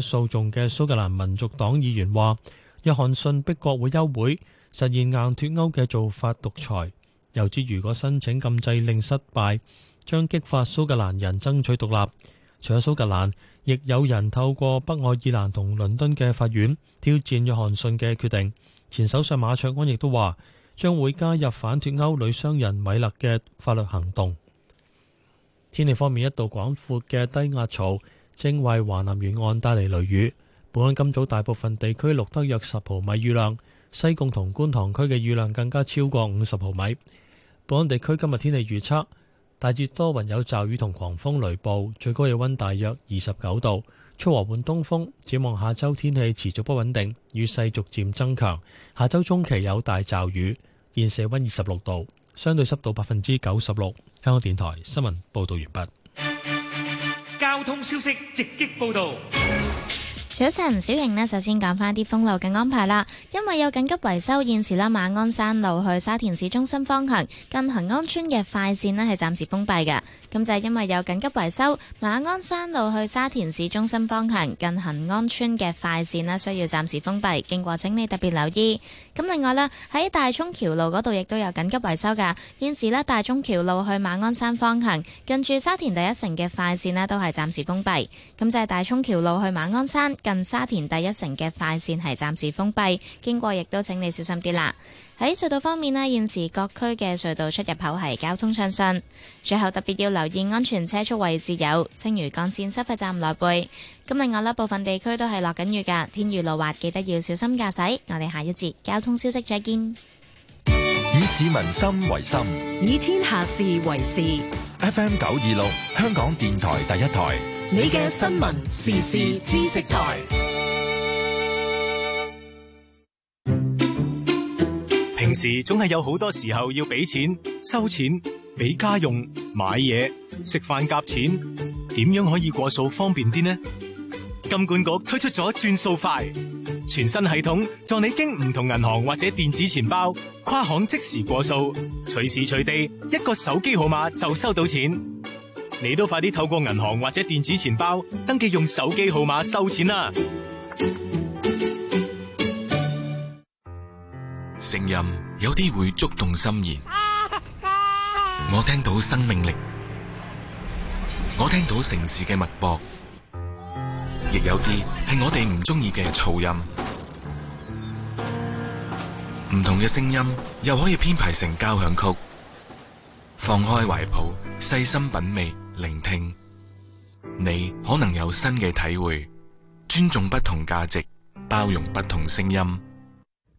訴訟嘅蘇格蘭民族黨議員話：約翰遜逼國會休會，實現硬脫歐嘅做法獨裁。又指如果申請禁制令失敗，將激發蘇格蘭人爭取獨立。除咗蘇格蘭，亦有人透過北愛爾蘭同倫敦嘅法院挑戰約翰遜嘅決定。前首相馬卓安亦都話將會加入反脫歐女商人米勒嘅法律行動。天氣方面，一道廣闊嘅低壓槽，正為華南沿岸帶嚟雷雨，本港今早大部分地區錄得約十毫米雨量，西貢同觀塘區嘅雨量更加超過五十毫米。本港地區今日天氣預測大致多雲有驟雨同狂風雷暴，最高氣溫大約二十九度，出和緩東風。展望下周天氣持續不穩定，雨勢逐漸增強，下周中期有大驟雨。現時氣溫二十六度，相對濕度百分之九十六。香港電台新聞報道完畢。交通消息，直擊報道。早晨，小瑩呢，首先講返啲封路嘅安排啦。因為有緊急維修，現時啦，馬鞍山路去沙田市中心方向近恒安邨嘅快線呢，係暫時封閉嘅。咁就係因為有緊急維修，馬鞍山路去沙田市中心方向近恒安村嘅快線需要暫時封閉，經過請你特別留意。咁另外啦，喺大涌橋路嗰度亦都有緊急維修噶，現時呢，大涌橋路去馬鞍山方向近住沙田第一城嘅快線都係暫時封閉。咁就係大涌橋路去馬鞍山近沙田第一城嘅快線係暫，就是、暫時封閉，經過亦都請你小心啲啦。喺隧道方面呢現時各區嘅隧道出入口係交通暢順。最後特別要留意安全車速位置，有青嶼幹線收費站內背。咁另外呢部分地區都係落緊雨噶，天雨路滑，記得要小心駕駛。我哋下一節交通消息再見。以市民心為心，以天下事為事。FM 九二六，香港電台第一台，你嘅新聞時事知識台。平時總係有好多時候要俾錢、收錢、俾家用、買嘢、食飯夾錢，點樣可以過數方便啲呢？金管局推出咗轉數快全新系統，助你經唔同銀行或者電子錢包跨行即時過數，隨時隨地一個手機號碼就收到錢。你都快啲透過銀行或者電子錢包登記用手機號碼收錢啦，啊！聲音有啲會觸動心弦，我聽到生命力，我聽到城市嘅脈搏，亦有啲係我哋唔中意嘅噪音。唔同嘅聲音又可以編排成交響曲。放開懷抱，細心品味，聆聽，你可能有新嘅體會。尊重不同價值，包容不同聲音。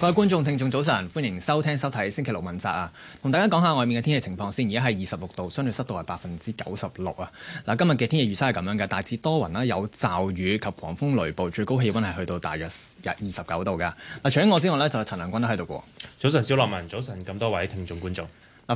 各位觀眾、聽眾早晨，歡迎收聽、收睇星期六問責啊！同大家講下外面嘅天氣情況先，而家係二十六度，相對濕度係百分之九十六啊！嗱，今日嘅天氣預測係咁樣嘅，大致多雲啦，有驟雨及狂風雷暴，最高氣温係去到大約二十九度嘅。嗱，除咗我之外呢，就係陳亮均都喺度嘅喎。早晨，蕭洛汶，早晨，咁多位聽眾、觀眾。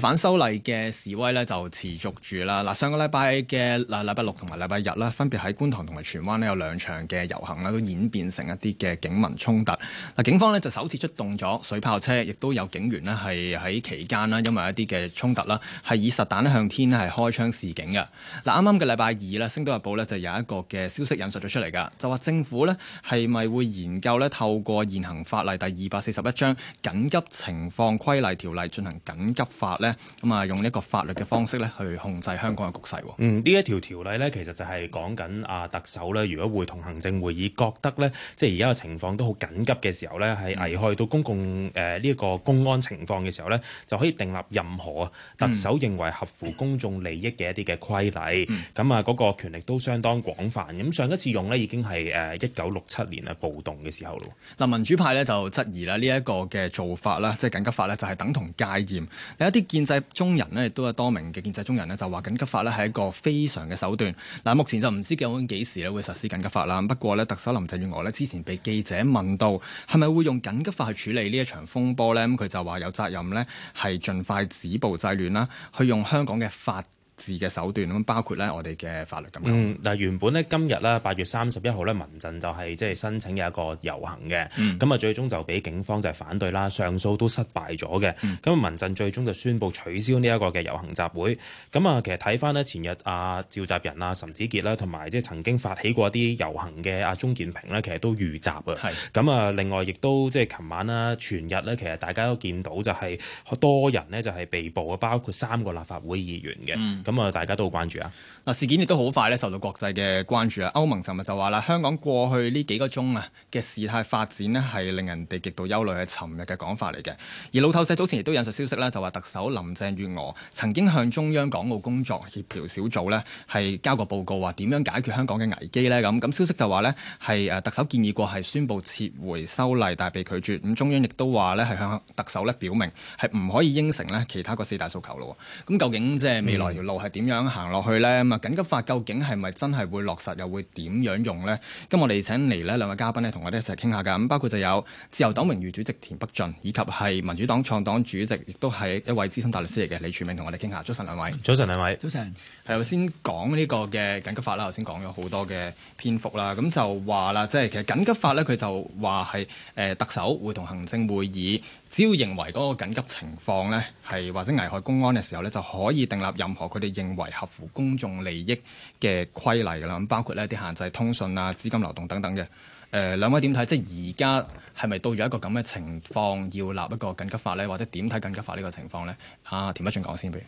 反修例嘅示威咧就持續住啦。嗱，上個禮拜嘅禮拜六同埋禮拜日咧，分別喺觀塘同埋荃灣咧有兩場嘅遊行啦，都演變成一啲嘅警民衝突。嗱，警方咧就首次出動咗水炮車，亦都有警員咧係喺期間啦，因為一啲嘅衝突啦，係以實彈向天咧係開槍示警嘅。嗱，啱啱嘅禮拜二咧，《星島日報》咧就有一個嘅消息引述咗出嚟㗎，就話政府咧係咪會研究咧透過現行法例第二百四十一章《緊急情況規例條例》進行緊急法？咁啊，用呢個法律嘅方式咧，去控制香港嘅局勢。嗯，呢一條條例呢，其實就係講緊啊，特首呢，如果會同行政會議覺得呢，即係而家嘅情況都好緊急嘅時候呢，係危害到公共誒呢一個公安情況嘅時候呢，就可以訂立任何特首認為合乎公眾利益嘅一啲嘅規例。咁、嗯、啊，嗰、嗯、個權力都相當廣泛。咁上一次用呢，已經係誒一九六七年啊暴動嘅時候咯。嗱，民主派呢，就質疑啦，呢一個嘅做法啦，即、就、係、是、緊急法呢，就係等同戒嚴有一啲。建制中人呢，亦都有多名嘅建制中人呢，就話緊急法呢，係一個非常嘅手段。嗱，目前就唔知究竟幾時咧會實施緊急法啦。不過呢，特首林鄭月娥呢，之前被記者問到係咪會用緊急法去處理呢一場風波呢？咁佢就話有責任呢，係盡快止暴制亂啦，去用香港嘅法。治嘅手段咁包括咧，我哋嘅法律咁樣。嗯，嗱原本咧今日咧八月三十一號咧，民陣就係即係申請有一個遊行嘅，咁啊、嗯、最終就俾警方就係反對啦，上訴都失敗咗嘅。咁、嗯、民陣最終就宣布取消呢一個嘅遊行集會。咁啊、嗯、其實睇翻咧前日阿召集人、啊、岑子傑啦，同埋即係曾經發起過啲遊行嘅阿鍾建平呢其實都遇襲啊。咁啊是另外亦都即係琴晚啦、全日呢，其實大家都見到就係好多人呢，就係被捕啊，包括三個立法會議員嘅。嗯咁啊，大家都好關注啊！嗱，事件亦都好快咧，受到國際嘅關注啊。歐盟尋日就話啦，香港過去呢幾個鐘啊嘅事態發展呢，係令人哋極度憂慮嘅，係尋日嘅講法嚟嘅。而路透社早前亦都引述消息啦，就話特首林鄭月娥曾經向中央港澳工作協調小組呢，係交個報告話點樣解決香港嘅危機呢。咁咁消息就話呢，係特首建議過係宣佈撤回修例，但係被拒絕。咁中央亦都話呢，係向特首呢表明係唔可以應承呢其他個四大訴求咯。咁究竟即係未來條係點樣行落去呢？咁啊，緊急法究竟係咪真係會落實？又會點樣用咧？咁我哋請嚟咧兩位嘉賓咧，同我哋一齊傾下噶。咁包括就有自由黨榮譽主席田北俊，以及係民主黨創黨主席，亦都係一位資深大律師嚟嘅李柱銘，同我哋傾下。早晨兩位，早晨兩位，早晨。係頭先講呢個嘅緊急法啦，頭先講咗好多嘅篇幅啦，咁就話啦，即係其實緊急法咧，佢就話係誒特首會同行政會議，只要認為嗰個緊急情況咧係或者危害公安嘅時候咧，就可以訂立任何佢哋認為合乎公眾利益嘅規例啦。咁包括呢啲限制通訊啊、資金流動等等嘅。呃、兩位點睇？即係而家係咪到咗一個咁嘅情況要立一個緊急法咧？或者點睇緊急法呢個情況咧？啊，田北俊講先俾。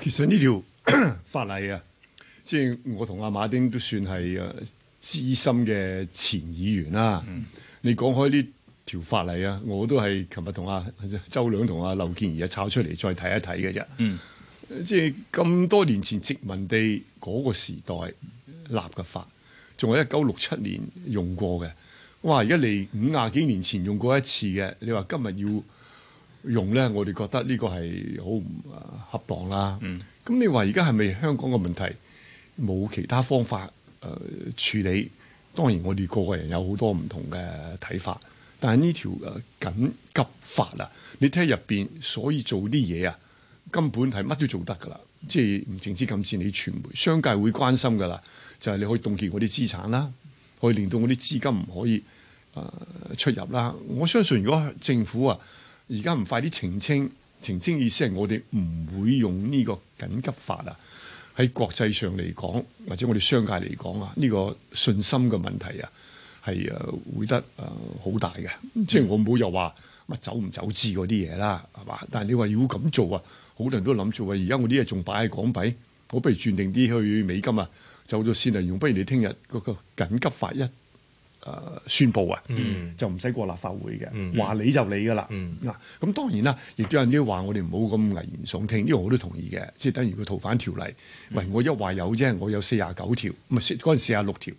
其實呢條 法例啊，即係我同阿馬丁都算係誒資深嘅前議員啦、啊嗯。你講開呢條法例啊，我都係琴日同阿周梁同阿劉健儀啊抄出嚟再睇一睇嘅啫。即係咁多年前殖民地嗰個時代立嘅法，仲係一九六七年用過嘅。哇！而家嚟五廿幾年前用過一次嘅，你話今日要？用咧，我哋覺得呢個係好唔恰當啦。咁、嗯、你話而家係咪香港嘅問題冇其他方法誒、呃、處理？當然我哋個個人有好多唔同嘅睇法，但係呢條緊急法啊，你聽入邊，所以做啲嘢啊，根本係乜都做得噶啦。即係唔淨止禁止你傳媒，商界會關心噶啦，就係、是、你可以凍結我啲資產啦，可以令到我啲資金唔可以、呃、出入啦。我相信如果政府啊～而家唔快啲澄清，澄清意思係我哋唔會用呢個緊急法啊！喺國際上嚟講或者我哋商界嚟講啊，呢、呢個信心嘅問題啊，係誒會得誒好大嘅、嗯。即係我唔好又話乜走唔走資嗰啲嘢啦，係嘛？但係你話要咁做啊，好多人都諗住話，而家我啲嘢仲擺喺港幣，我不如轉定啲去美金啊，走咗先嚟用。不如你聽日、嗰個緊急法一。誒宣佈啊、嗯，就唔使過立法會嘅，話、嗯、你就你噶啦。嗱、嗯，咁、嗯嗯、當然啦，亦都有人啲話我哋唔好咁危言聳聽，因、呢個我都同意嘅。即、就、係、是、等於佢逃犯條例，喂、嗯，我一話有啫，我有四十九條，咪嗰陣四十六條，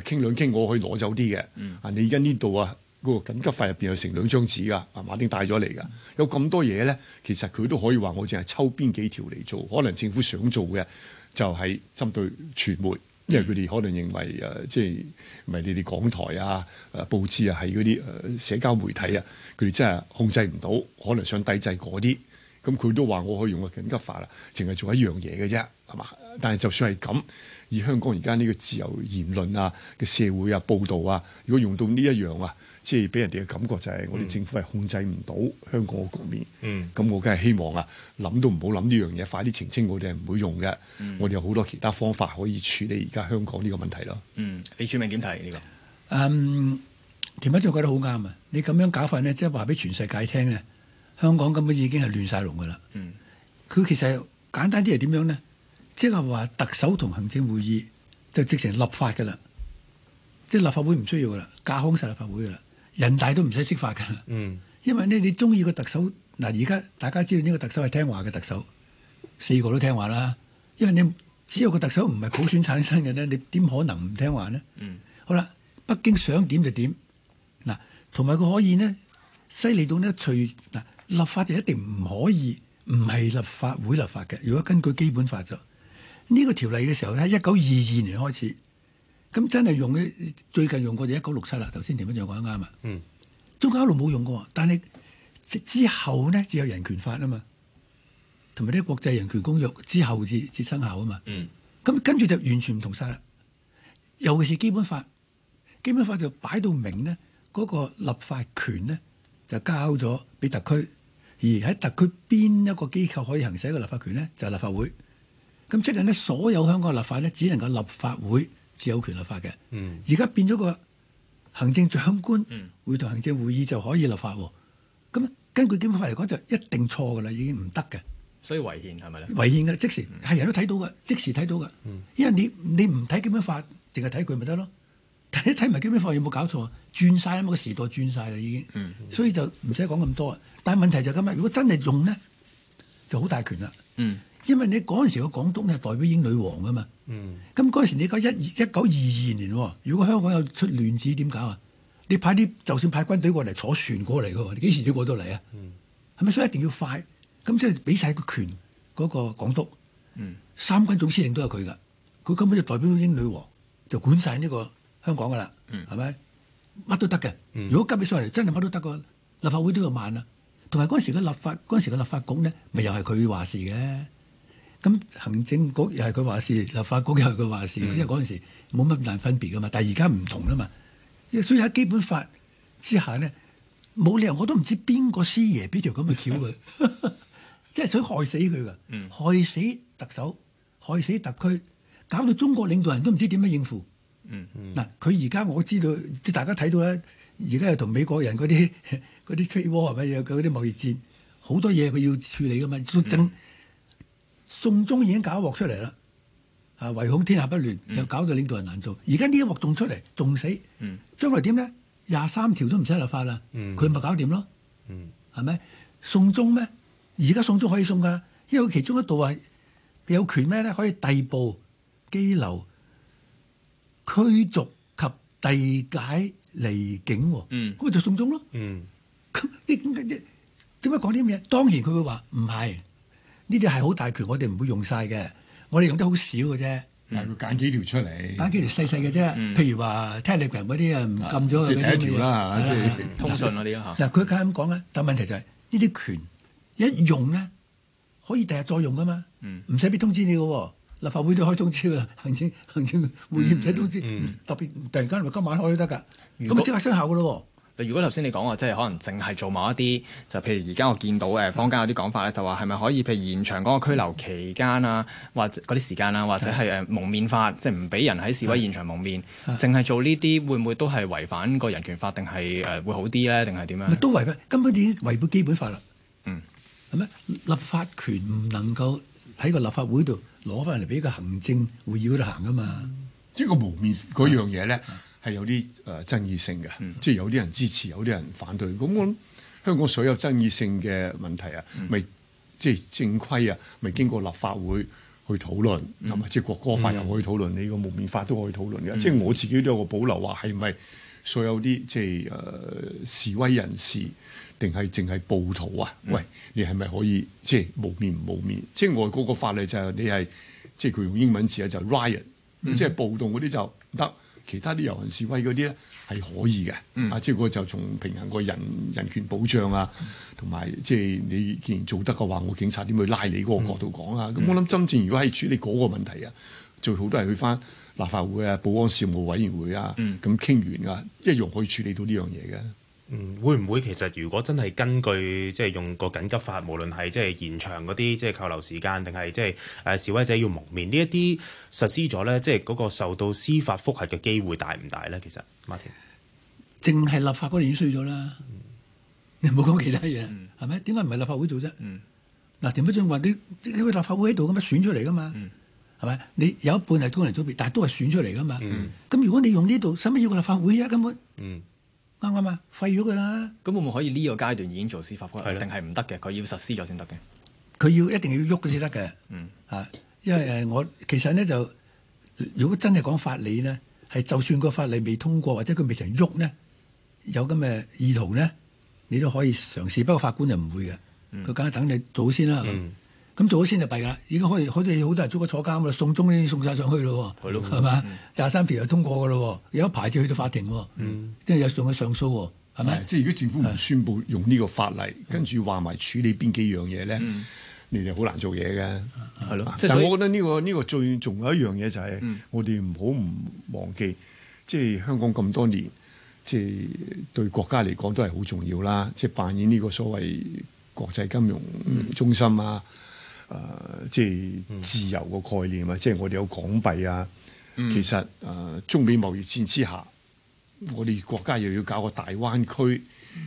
傾兩傾我可以攞走啲嘅。啊、嗯，你而家呢度啊個緊急法入邊有成兩張紙㗎，啊馬丁帶咗嚟㗎，有咁多嘢咧，其實佢都可以話我淨係抽邊幾條嚟做，可能政府想做嘅就係針對傳媒。因為佢哋可能認為誒、呃，即係唔係你哋港台啊、誒、呃、報紙啊，係嗰啲誒社交媒體啊，佢哋真係控制唔到，可能想抵制嗰啲。咁佢都話我可以用個緊急法啦，淨係做一樣嘢嘅啫，係嘛？但係就算係咁，而香港而家呢個自由言論啊嘅社會啊、報道啊，如果用到呢一樣啊，即係俾人哋嘅感覺就係我哋政府係控制唔到香港嘅局面。嗯，咁我梗係希望啊，諗都唔好諗呢樣嘢，快啲澄清我哋係唔會用嘅。嗯，我哋有好多其他方法可以處理而家香港呢個問題咯。嗯，李柱銘點睇呢個？嗯，田北俊覺得好啱啊！你咁樣搞法咧，即係話俾全世界聽咧。香港根本已經係亂晒龍噶啦，佢、嗯、其實簡單啲係點樣呢？即係話特首同行政會議就直成立法噶啦，即係立法會唔需要噶啦，架空晒立法會噶啦，人大都唔使釋法噶啦、嗯。因為呢，你中意個特首嗱，而家大家知道呢個特首係聽話嘅特首，四個都聽話啦。因為你只有個特首唔係普選產生嘅呢，你點可能唔聽話呢？嗯、好啦，北京想點就點嗱，同埋佢可以呢，犀利到呢隨嗱。立法就一定唔可以，唔係立法會立法嘅。如果根據基本法就呢個條例嘅時候咧，一九二二年開始，咁真係用嘅最近用過就一九六七啦。頭先田北俊講得啱啊。嗯。中間一路冇用過，但係之後呢，只有人權法啊嘛，同埋啲國際人權公約之後至至生效啊嘛。嗯。咁跟住就完全唔同晒啦，尤其是基本法，基本法就擺到明呢嗰個立法權呢，就交咗俾特區。而喺特區邊一個機構可以行使一個立法權咧，就係立法會。咁即係咧，所有香港嘅立法咧，只能夠立法會自有權立法嘅。嗯，而家變咗個行政長官，嗯，會同行政會議就可以立法喎。咁根據基本法嚟講，就一定錯噶啦，已經唔得嘅。所以違憲係咪咧？違憲噶，即時係人都睇到噶，即時睇到噶。因為你你唔睇基本法，淨係睇佢咪得咯。睇一睇埋基本法，有冇搞錯啊？轉晒啊嘛，個時代轉晒啦，已經，嗯嗯、所以就唔使講咁多。但係問題就咁、是、啊，如果真係用呢，就好大權啦。嗯，因為你嗰陣時個港督咧，代表英女王噶嘛。嗯，咁嗰時你講一一九二二年，如果香港有出亂子點搞啊？你派啲就算派軍隊過嚟，坐船過嚟嘅喎，幾時都過到嚟啊？嗯，係咪所以一定要快？咁即係俾晒個權嗰、嗰個港督、嗯。三軍總司令都係佢噶，佢根本就代表英女王，就管晒呢、呢個。香港噶啦，係咪乜都得嘅，嗯？如果急起上嚟，真係乜都得噶。立法會都要慢啊，同埋嗰陣時嘅立法，嗰陣時嘅立法局呢，咪又係佢話事嘅。咁行政局又係佢話事，立法局又係佢話事，因為嗰陣時冇乜難分別噶嘛。但係而家唔同啦嘛。所以喺基本法之下呢，冇理由我都唔知邊個師爺俾條咁嘅橋佢，即係想害死佢噶，害死特首、嗯，害死特區，搞到中國領導人都唔知點樣應付。嗯嗯，嗱佢而家我知道，即大家睇到咧，而家又同美國人嗰啲嗰啲 trade war 係咪有嗰啲貿易戰，好多嘢佢要處理噶嘛，仲、嗯、送中已經搞咗鑊出嚟啦，啊唯恐天下不亂、嗯、又搞到領導人難做，而家呢一鑊仲出嚟仲死，嗯，將來點咧？廿三條都唔使立法啦，佢咪搞掂咯，嗯，係咪送中咩？而家送中可以送噶，因為其中一度係有權咩咧，可以逮捕拘留驅逐及遞解離境，咁、嗯、咪就送中咯。點解講啲咁嘢？當然佢會話唔係，呢啲係好大權，我哋唔會用晒嘅，我哋用得好少嘅啫。但係佢揀幾條出嚟，揀幾條細細嘅啫。譬、嗯、如話 Telegram 嗰啲啊，唔禁咗，即係一條啦即係、啊就是、通訊嗰啲嚇。嗱佢梗係咁講咧，但問題就係呢啲權一用咧、嗯，可以第日再用噶嘛，唔使俾通知你嘅。立法會都開通知啦，行政行政會議唔使通知，嗯嗯、特別突然間咪今晚開都得㗎，咁即刻生效㗎咯喎。如果頭先你講話，即係可能淨係做某一啲，就譬如而家我見到誒坊間有啲講法咧，就話係咪可以譬如延長嗰個拘留期間啊，或者嗰啲時間啦，或者係誒蒙面法，即係唔俾人喺示威現場蒙面，淨係做呢啲，會唔會都係違反個人權法？定係誒會好啲咧，定係點啊？都違規，根本已經違背基本法啦。嗯，係咪立法權唔能夠喺個立法會度？攞翻嚟俾個行政會議嗰度行啊嘛，嗯、即係個蒙面嗰樣嘢咧係有啲誒爭議性嘅、嗯，即係有啲人支持，有啲人反對。咁我諗香港所有爭議性嘅問題啊，咪、嗯、即係正規啊，咪經過立法會去討論，同、嗯、埋即係國歌法又可以討論，嗯、你個蒙面法都可以討論嘅、嗯。即係我自己都有個保留話係咪所有啲即係誒、呃、示威人士。定係淨係暴徒啊？嗯、喂，你係咪可以即係冇面冇面？即係外國個法例就係、是、你係即係佢用英文字 riot,、嗯，咧就 riot，即係暴動嗰啲就唔得，其他啲遊行示威嗰啲咧係可以嘅、嗯。啊，即係我就從平衡個人人權保障啊，同埋即係你既然做得嘅話，我警察點去拉你嗰個角度講啊？咁、嗯、我諗真正如果係處理嗰個問題啊，最好都係去返立法會啊、保安事務委員會啊，咁、嗯、傾完啊一樣可以處理到呢樣嘢嘅。嗯，會唔會其實如果真係根據即係、就是、用個緊急法，無論係即係延長嗰啲即係扣留時間，定係即係誒示威者要蒙面呢一啲實施咗咧，即係嗰個受到司法覆核嘅機會大唔大咧？其實 Martin，r t 淨係立法嗰年衰咗啦，你唔好講其他嘢，係、嗯、咪？點解唔係立法會做啫？嗱、嗯，田北俊話你啲立法會喺度咁樣選出嚟噶嘛？係、嗯、咪？你有一半係功能組別，但係都係選出嚟噶嘛？咁、嗯、如果你用呢度，使乜要個立法會啊？根本嗯。啱啊嘛，廢咗佢啦。咁我咪可以呢個階段已經做司法覆核，定係唔得嘅？佢要實施咗先得嘅。佢要一定要喐佢先得嘅。嗯，啊，因為誒我其實咧就如果真係講法理咧，係就算個法理未通過或者佢未曾喐咧，有咁嘅意圖咧，你都可以嘗試。不過法官就唔會嘅，佢梗係等你做先啦。嗯咁做咗先就弊噶啦，而家可以，好似好多人捉佢坐監噶啦，送中啲送晒上去咯，係咯，係嘛？廿三條又通過噶咯，有一排就去到法庭，嗯，即係有上嘅上訴，係咪？即係如果政府唔宣佈用呢個法例，跟住話埋處理邊幾樣嘢咧、嗯，你哋好難做嘢嘅，係咯、啊。但係我覺得呢、這個呢、這個最重要的一樣嘢就係，我哋唔好唔忘記，即、嗯、係、就是、香港咁多年，即、就、係、是、對國家嚟講都係好重要啦，即、就、係、是、扮演呢個所謂國際金融中心啊。嗯誒、呃，即係自由個概念啊、嗯！即係我哋有港幣啊，嗯、其實誒、呃，中美貿易戰之下，我哋國家又要搞個大灣區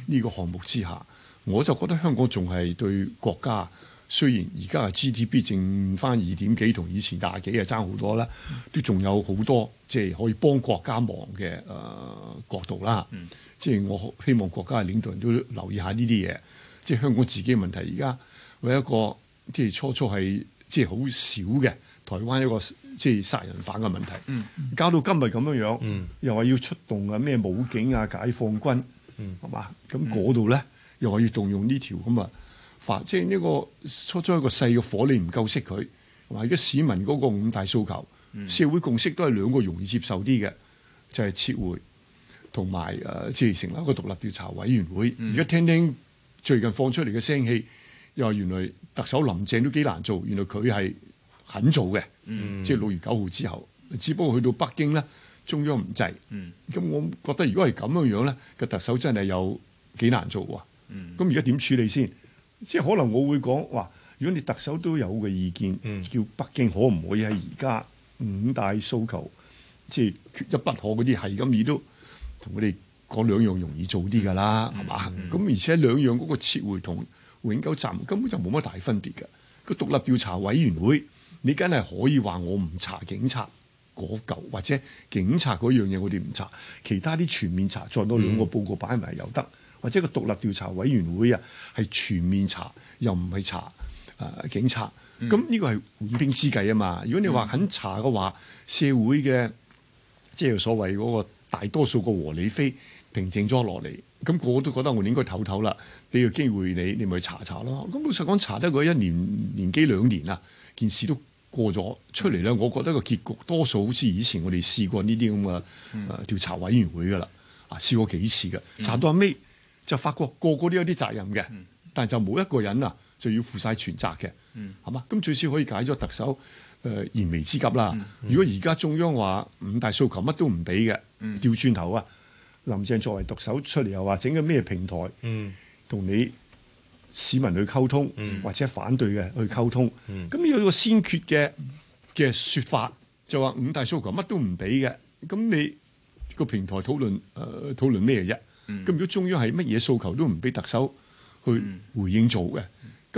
呢個項目之下，我就覺得香港仲係對國家，雖然而家啊 GDP 剩返二點幾，同以前廿幾啊爭好多啦、嗯，都仲有好多即係可以幫國家忙嘅誒、呃、角度啦。嗯、即係我希望國家嘅領導人都留意下呢啲嘢，即係香港自己嘅問題而家為一個。即係初初係即係好少嘅，台灣一個即係殺人犯嘅問題嗯，嗯，搞到今日咁樣樣，嗯，又話要出動啊咩武警啊解放軍，嗯，係嘛？咁嗰度咧，又話要動用呢條咁啊法，即係呢個初初一個細嘅火，你唔夠識佢，同埋而家市民嗰個五大訴求，嗯、社會共識都係兩個容易接受啲嘅，就係、是、撤回同埋誒，即係成立一個獨立調查委員會。而、嗯、家聽聽最近放出嚟嘅聲氣。又原來特首林鄭都幾難做，原來佢係肯做嘅、嗯，即係六月九號之後。只不過去到北京咧，中央唔制。咁、嗯、我覺得如果係咁樣樣咧，個特首真係有幾難做喎、啊。咁而家點處理先？即係可能我會講話，如果你特首都有個意見、嗯，叫北京可唔可以喺而家五大訴求，即係缺一不可嗰啲係咁，你都同佢哋講兩樣容易做啲噶啦，係、嗯、嘛？咁、嗯嗯、而且兩樣嗰個撤回同。永久站根本就冇乜大分別嘅，個獨立調查委員會，你梗係可以話我唔查警察嗰嚿，或者警察嗰樣嘢我哋唔查，其他啲全面查，再多兩個報告擺埋又得，或者個獨立調查委員會啊係全面查，又唔係查啊、呃、警察，咁、嗯、呢個係緩兵之計啊嘛。如果你話肯查嘅話、嗯，社會嘅即係所謂嗰個大多數個和理非平靜咗落嚟，咁、那、我、個、個都覺得我哋應該唞唞啦。俾個機會你，你咪去查查咯。咁老實講，查得個一年年幾兩年啊，件事都過咗出嚟咧。我覺得個結局多數好似以前我哋試過呢啲咁嘅調查委員會噶啦，啊、嗯、試過幾次嘅，查到後尾就發覺個個都有啲責任嘅、嗯，但就冇一個人啊就要負晒全責嘅，係、嗯、嘛？咁最少可以解咗特首誒燃眉之急啦、嗯嗯。如果而家中央話五大訴求乜都唔俾嘅，調轉頭啊，林鄭作為獨首出嚟又話整個咩平台？嗯同你市民去溝通，嗯、或者反對嘅去溝通，咁、嗯、你有一個先決嘅嘅説法，就話五大訴求乜都唔俾嘅，咁你這個平台討論誒、呃、討論咩嘢啫？咁、嗯、如果終於係乜嘢訴求都唔俾特首去回應做嘅，咁、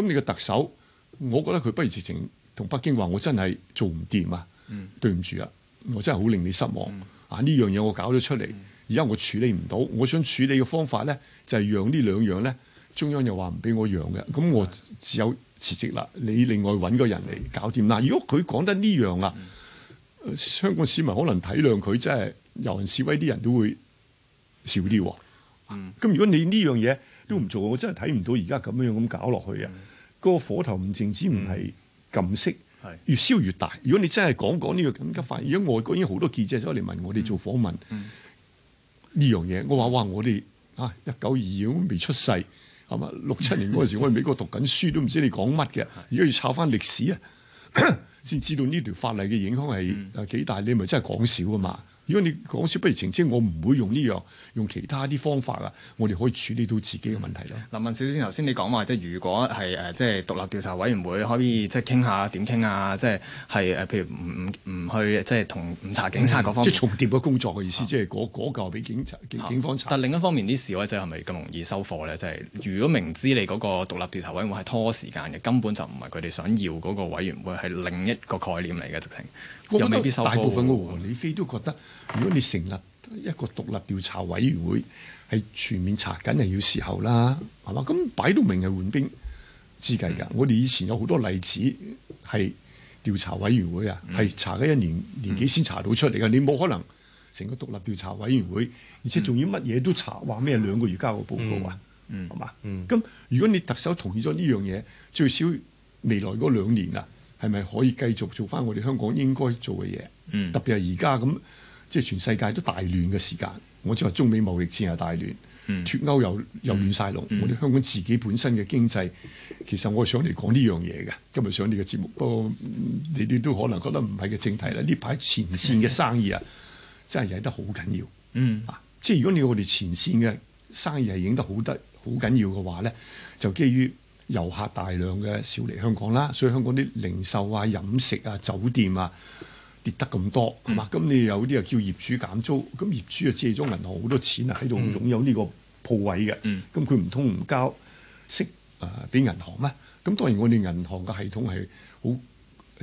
嗯、你個特首，我覺得佢不如直情同北京話，我真係做唔掂啊！嗯、對唔住啊，我真係好令你失望、嗯、啊！呢樣嘢我搞咗出嚟。嗯而家我處理唔到，我想處理嘅方法咧，就係、是、讓呢兩樣咧，中央又話唔俾我讓嘅，咁我只有辭職啦。你另外揾個人嚟搞掂。嗱、啊，如果佢講得呢樣、嗯、啊，香港市民可能體諒佢，真係遊行示威啲人都會少啲。咁、嗯、如果你呢樣嘢都唔做、嗯，我真係睇唔到而家咁樣樣咁搞落去啊！嗰、嗯、那個火頭唔淨止唔係撳熄，越燒越大。如果你真係講講呢個緊急法，如果外國已經好多記者走嚟問我哋做訪問。嗯嗯呢樣嘢，我話哇，話我哋啊一九二二都未出世，係嘛？六七年嗰陣時，我喺美國讀緊書， 都唔知你講乜嘅。而家要抄翻歷史啊，先知道呢條 法例嘅影響係幾大。嗯、你咪真係講少啊嘛～如果你講少不如澄清，即係我唔會用呢樣，用其他啲方法啊，我哋可以處理到自己嘅問題咯。嗱，問少少先頭先，你講話即係如果係誒，即係獨立調查委員會可以即係傾下點傾啊，即係係誒，譬如唔唔唔去即係同唔查警察嗰方、嗯，即係重疊嘅工作嘅意思，嗯、即係嗰嚿俾警察、嗯、警方查。但另一方面事，啲示威者係咪咁容易收貨咧？即係如果明知你嗰個獨立調查委員會係拖時間嘅，根本就唔係佢哋想要嗰個委員會係另一個概念嚟嘅，直情。又未必受大部分嘅和理非都覺得，如果你成立一個獨立調查委員會，係全面查，梗係要時候啦，係嘛？咁擺到明係緩兵之計㗎。嗯、我哋以前有好多例子係調查委員會啊，係查緊一年年幾先查到出嚟㗎。你冇可能成個獨立調查委員會，而且仲要乜嘢都查，話咩兩個月交個報告啊？係、嗯、嘛？咁、嗯、如果你特首同意咗呢樣嘢，最少未來嗰兩年啊。係咪可以繼續做翻我哋香港應該做嘅嘢、嗯？特別係而家咁，即係全世界都大亂嘅時間。我即係話中美貿易戰又大亂，脫、嗯、歐又又亂晒龍、嗯嗯。我哋香港自己本身嘅經濟，其實我係想嚟講呢樣嘢嘅。今日上呢個節目，不過你哋都可能覺得唔係嘅正題啦。呢排前線嘅生意啊、嗯，真係曳得好緊要、嗯。啊，即係如果你我哋前線嘅生意係影得好得好緊要嘅話咧，就基於。遊客大量嘅少嚟香港啦，所以香港啲零售啊、飲食啊、酒店啊跌得咁多，係、嗯、嘛？咁你有啲又叫業主減租，咁業主又借咗銀行好多錢啊，喺度擁有呢個鋪位嘅，咁佢唔通唔交息啊俾、呃、銀行咩？咁當然我哋銀行嘅系統係好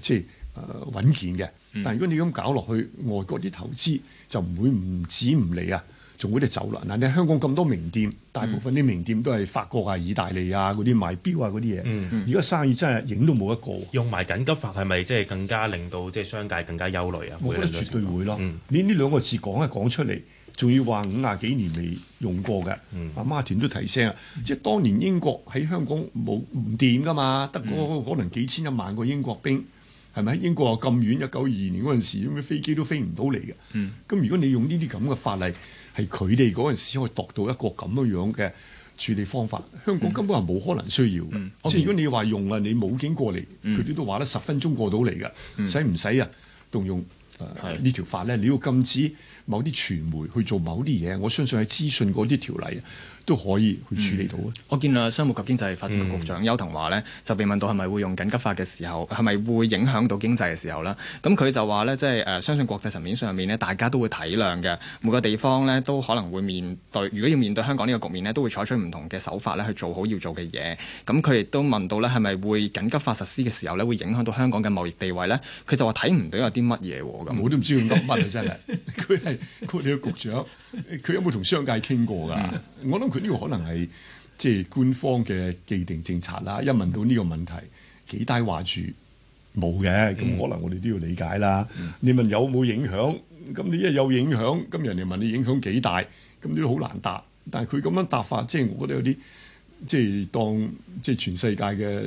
即係、呃、穩健嘅，但係如果你咁搞落去，外國啲投資就唔會唔止唔嚟啊。仲嗰啲走啦，嗱你香港咁多名店，大部分啲名店都係法國啊、嗯、意大利啊嗰啲賣錶啊嗰啲嘢，而家、嗯嗯、生意真係影都冇一個。用埋緊急法係咪即係更加令到即係商界更加憂慮啊？我覺得絕對會咯、嗯。你呢兩個字講係講出嚟，仲要話五十幾年未用過嘅，阿孖團都提聲啊、嗯！即係當年英國喺香港冇唔掂㗎嘛，得嗰可能幾千一萬個英國兵係咪？英國咁遠，一九二二年嗰陣時候，咩飛機都飛唔到嚟嘅。咁、嗯、如果你用呢啲咁嘅法例，係佢哋嗰陣時先可以度到一個咁樣樣嘅處理方法，香港根本係冇可能需要嘅。即、嗯、係、嗯、如果你話用啊，你武警過嚟，佢、嗯、哋都話得十分鐘過到嚟嘅，使唔使啊動用呢、呃嗯、條法咧？你要禁止某啲傳媒去做某啲嘢，我相信係資訊嗰啲條例。都可以去處理到啊、嗯！我見啊，商務及經濟發展局局長邱騰華呢，就被問到係咪會用緊急法嘅時候，係咪會影響到經濟嘅時候啦？咁佢就話呢，即係誒，相信國際層面上面呢，大家都會體諒嘅。每個地方呢，都可能會面對，如果要面對香港呢個局面呢，都會採取唔同嘅手法呢，去做好要做嘅嘢。咁佢亦都問到呢，係咪會緊急法實施嘅時候呢，會影響到香港嘅貿易地位呢？佢就話睇唔到有啲乜嘢喎，我都唔知佢噏乜啊！真係，佢係佢哋個局長。佢 有冇同商界傾過㗎？ 我諗佢呢個可能係即係官方嘅既定政策啦。一問到呢個問題，幾大話處冇嘅，咁 可能我哋都要理解啦。 你問有冇影響，咁你一有影響，咁人哋問你影響幾大，咁你都好難答。但係佢咁樣答法，即係我覺得有啲即係當即係全世界嘅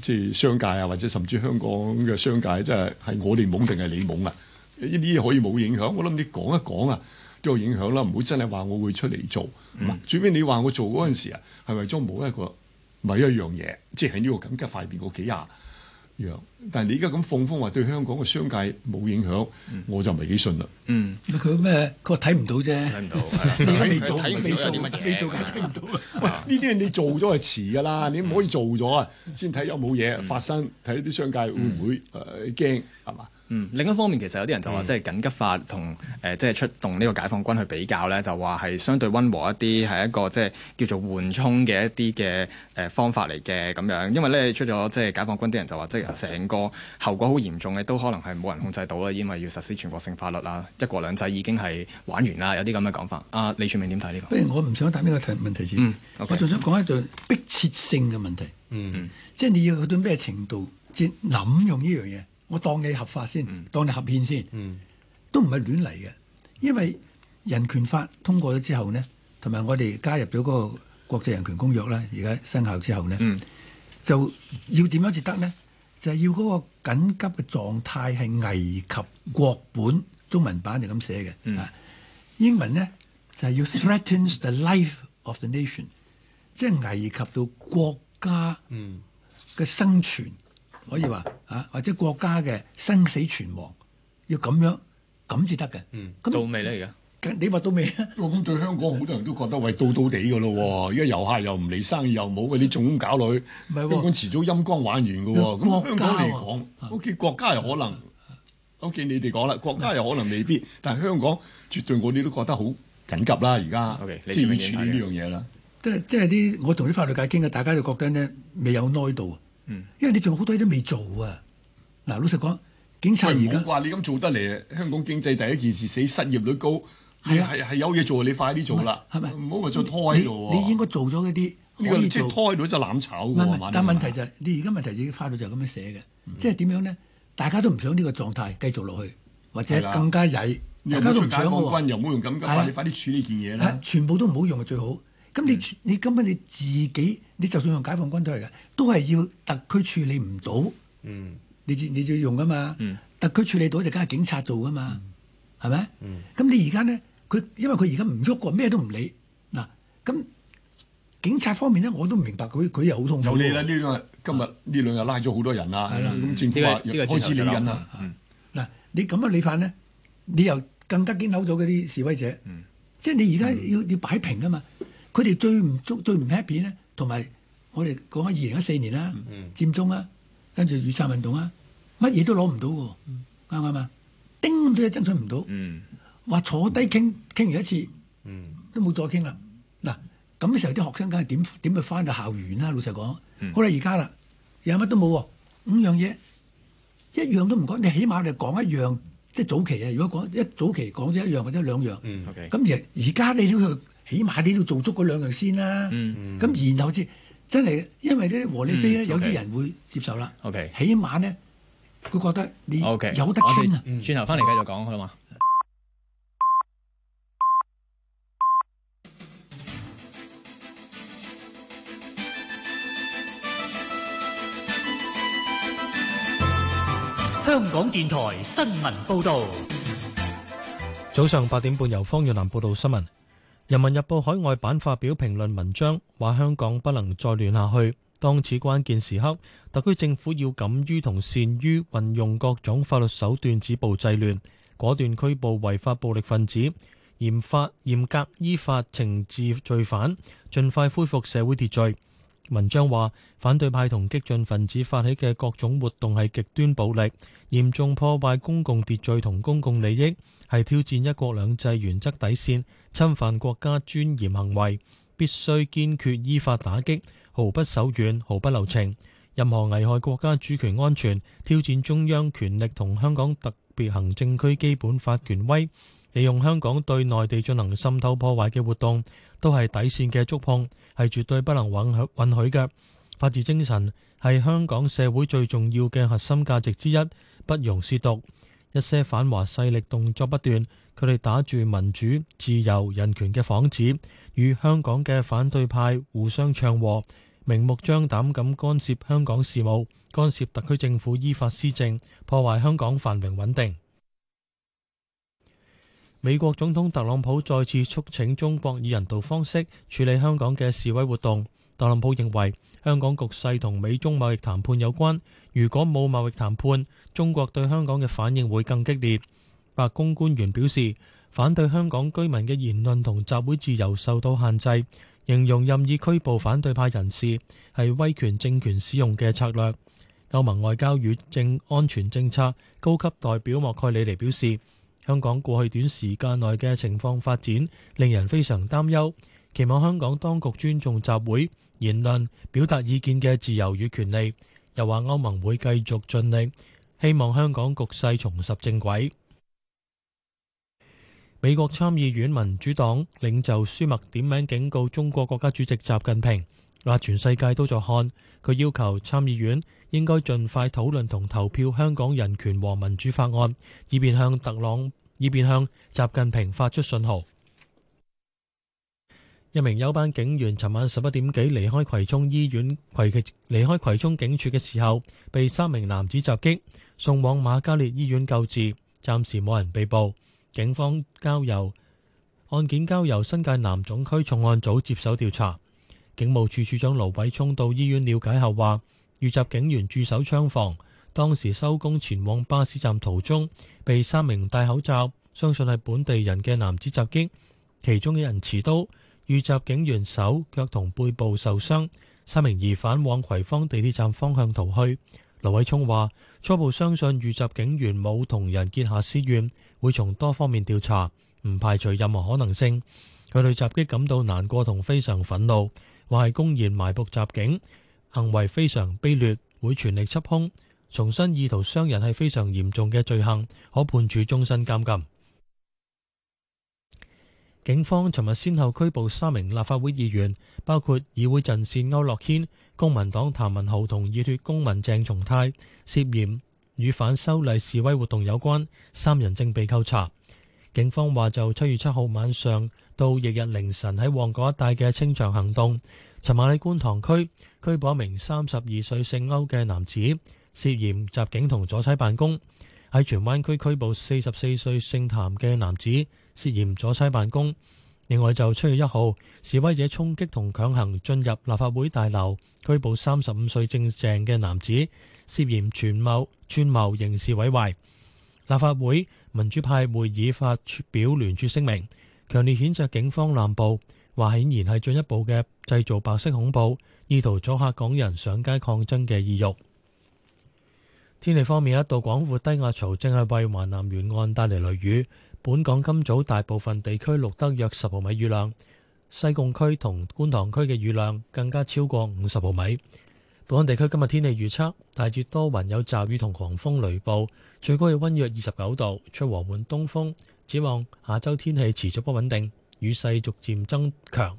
即係商界啊，或者甚至香港嘅商界，即係係我哋懵定係你懵啊？呢啲可以冇影響，我諗你講一講啊。都有影響啦，唔好真係話我會出嚟做。最尾你話我做嗰陣時啊，係為咗冇一個，冇一樣嘢，即係呢個緊急快變過幾廿樣。但係你而家咁放風話對香港嘅商界冇影響，我就唔係幾信啦。嗯，佢話咩？佢話睇唔到啫，睇唔到。你做，睇唔到你做睇唔到。喂，呢啲你做咗就遲噶啦，你唔可以做咗啊，先、嗯、睇有冇嘢發生，睇、嗯、啲商界會唔會驚，係、嗯、嘛？啊嗯、另一方面其實有啲人就話，即係緊急法同誒即係出動呢個解放軍去比較咧，就話係相對溫和一啲，係一個即係叫做緩衝嘅一啲嘅誒方法嚟嘅咁樣。因為咧出咗即係解放軍啲人就話，即係成個後果好嚴重嘅都可能係冇人控制到啦，因為要實施全國性法律啊，一國兩制已經係玩完啦，有啲咁嘅講法。阿、啊、李柱銘點睇呢個？不如我唔想答呢個題問題先、嗯 okay，我仲想講一個迫切性嘅問題。嗯、即係你要去到咩程度先諗用呢樣嘢？我當你合法先，當你合憲先、嗯，都唔係亂嚟嘅。因為人權法通過咗之後呢，同埋我哋加入咗嗰個國際人權公約咧，而家生效之後咧、嗯，就要點樣至得呢？就係、是、要嗰個緊急嘅狀態係危及國本，中文版就咁寫嘅、嗯。英文呢，就係、是、要 threatens the life of the nation，即係危及到國家嘅生存。嗯嗯可以話嚇、啊，或者國家嘅生死存亡要咁樣咁至得嘅。嗯，到未咧而家？你話到未？我覺得對香港好多人都覺得喂，到到地嘅咯喎，而家遊客又唔嚟，生意又冇，嗰啲種搞落去， 香港遲早陰功玩完嘅喎。咁、 啊、香港嚟講、啊，OK，國家又可能、啊、OK，你哋講啦，國家又可能未必， 但係香港絕對我哋都覺得好緊急啦。而家即係要處理呢樣嘢啦。即係即係啲我同啲法律界傾嘅大家就覺得呢，未有耐度。因為你仲好多嘢都未做啊！嗱，老實講，警察而家話你咁做得嚟，香港經濟第一件事死失業率高，係係、啊、有嘢做，你快啲做啦，係咪？唔好再拖喺度喎！你應該做咗嗰啲，呢、這個你係拖咗就攬炒，但問題就係、是、你而家問題已經花這樣的，你花到就咁樣寫嘅，即係點樣咧？大家都唔想呢個狀態繼續落去，或者更加曳、啊啊啊，又冇用解放軍，又冇用咁噶嘛，你快啲處理件嘢啦、啊！全部都唔好用最好。咁你、嗯、你根本你自己。你就算用解放軍都係嘅，都係要特區處理唔到、嗯，你你你就要用啊嘛、嗯。特區處理到就梗係警察做噶嘛，係、嗯、咪？咁、嗯、你而家呢？佢因為佢而家唔喐喎，咩都唔理。嗱、啊、咁警察方面呢，我都唔明白佢佢又好痛苦。有你啦，呢兩日今日呢兩日拉咗好多人啦。係啦，咁政府話、這個這個、開始理人啦。嗱、啊啊嗯啊，你咁樣理法呢，你又更加激嬲咗嗰啲示威者。嗯、即係你而家要、嗯、要擺平啊嘛，佢哋最唔最唔 happy 咧？同埋我哋講緊二零一四年啦、啊嗯，佔中啊，跟住雨傘運動啊，乜嘢都攞唔到嘅，啱啱啊？丁都一爭取唔到，話、嗯、坐低傾傾完一次，嗯、都冇再傾啦。嗱、啊，咁嘅時候啲學生梗係點點去返到校園啦、啊？老實講、嗯，好啦，而家啦，有乜都冇，五樣嘢一樣都唔講。你起碼你講一樣，即、嗯、係、就是、早期啊。如果講一早期講咗一樣或者兩樣，咁而而家你都要。起碼你都做足嗰兩樣先啦、啊，咁、嗯嗯、然後先真係，因為啲和理非咧，有啲人會接受啦。O、okay, K，、okay, 起碼呢，佢覺得你有得傾啊。轉頭翻嚟繼續講、嗯、好嘛。香港電台新聞報道，早上八點半由方遠南報道新聞。《人民日報》海外版發表評論文章，話香港不能再亂下去。當此關鍵時刻，特區政府要敢於同善於運用各種法律手段止暴制亂，果斷拘捕違法暴力分子，嚴法嚴格依法懲治罪犯，盡快恢復社會秩序。文章話，反對派同激進分子發起嘅各種活動係極端暴力，嚴重破壞公共秩序同公共利益，係挑戰一國兩制原則底線。侵犯國家尊嚴行為，必須堅決依法打擊，毫不手軟，毫不留情。任何危害國家主權安全、挑戰中央權力同香港特別行政區基本法權威、利用香港對內地進行滲透破壞嘅活動，都係底線嘅觸碰，係絕對不能允許允許嘅。法治精神係香港社會最重要嘅核心價值之一，不容褻瀆。一些反華勢力動作不斷。佢哋打住民主、自由、人權嘅幌子，與香港嘅反對派互相唱和，明目張膽咁干涉香港事務，干涉特區政府依法施政，破壞香港繁榮穩定。美國總統特朗普再次促請中國以人道方式處理香港嘅示威活動。特朗普認為香港局勢同美中貿易談判有關，如果冇貿易談判，中國對香港嘅反應會更激烈。白宮官員表示，反對香港居民嘅言論同集會自由受到限制，形容任意拘捕反對派人士係威權政權使用嘅策略。歐盟外交與政安全政策高級代表莫蓋里尼表示，香港過去短時間內嘅情況發展令人非常擔憂，期望香港當局尊重集會、言論、表達意見嘅自由與權利。又話歐盟會繼續盡力，希望香港局勢重拾正軌。美國參議院民主黨領袖舒默點名警告中國國家主席習近平，話全世界都在看，佢要求參議院應該盡快討論同投票香港人權和民主法案，以便向特朗，以便向習近平發出信號。一名休班警員尋晚十一點幾離開葵涌醫院，葵離開葵涌警署嘅時候，被三名男子襲擊，送往馬嘉烈醫院救治，暫時冇人被捕。警方交由案件交由新界南總區重案組接手調查。警務處處長盧偉聰到醫院了解後話，遇襲警員駐守槍房，當時收工前往巴士站途中，被三名戴口罩、相信係本地人嘅男子襲擊，其中一人持刀。遇襲警員手腳同背部受傷，三名疑犯往葵芳地鐵站方向逃去。盧偉聰話初步相信遇襲警員冇同人結下私怨。會從多方面調查，唔排除任何可能性。佢對襲擊感到難過同非常憤怒，話係公然埋伏襲警，行為非常卑劣，會全力緝兇。重新意圖傷人係非常嚴重嘅罪行，可判處終身監禁。警方尋日先後拘捕三名立法會議員，包括議會陣線區諾軒、公民黨譚文豪同已脫公民鄭松泰，涉嫌，與反修例示威活動有關，三人正被扣查。警方話就七月七號晚上到翌日凌晨喺旺角一帶嘅清場行動，尋晚喺觀塘區拘捕一名三十二歲姓歐嘅男子，涉嫌襲警同阻差辦公；喺荃灣區拘捕四十四歲姓譚嘅男子，涉嫌阻差辦公。另外就七月一號，示威者衝擊同強行進入立法會大樓，拘捕三十五歲姓鄭嘅男子。涉嫌串謀、串謀刑事毀壞，立法會民主派會議發表聯署聲明，強烈譴責警方濫暴，話顯然係進一步嘅製造白色恐怖，意圖阻嚇港人上街抗爭嘅意欲。天氣方面，一道廣闊低壓槽正係為華南沿岸帶嚟雷雨，本港今早大部分地區錄得約十毫米雨量，西貢區同觀塘區嘅雨量更加超過五十毫米。本港地區今日天氣預測大致多雲，有驟雨同狂風雷暴，最高氣温約二十九度，吹和緩東風。指望下周天氣持續不穩定，雨勢逐漸增強。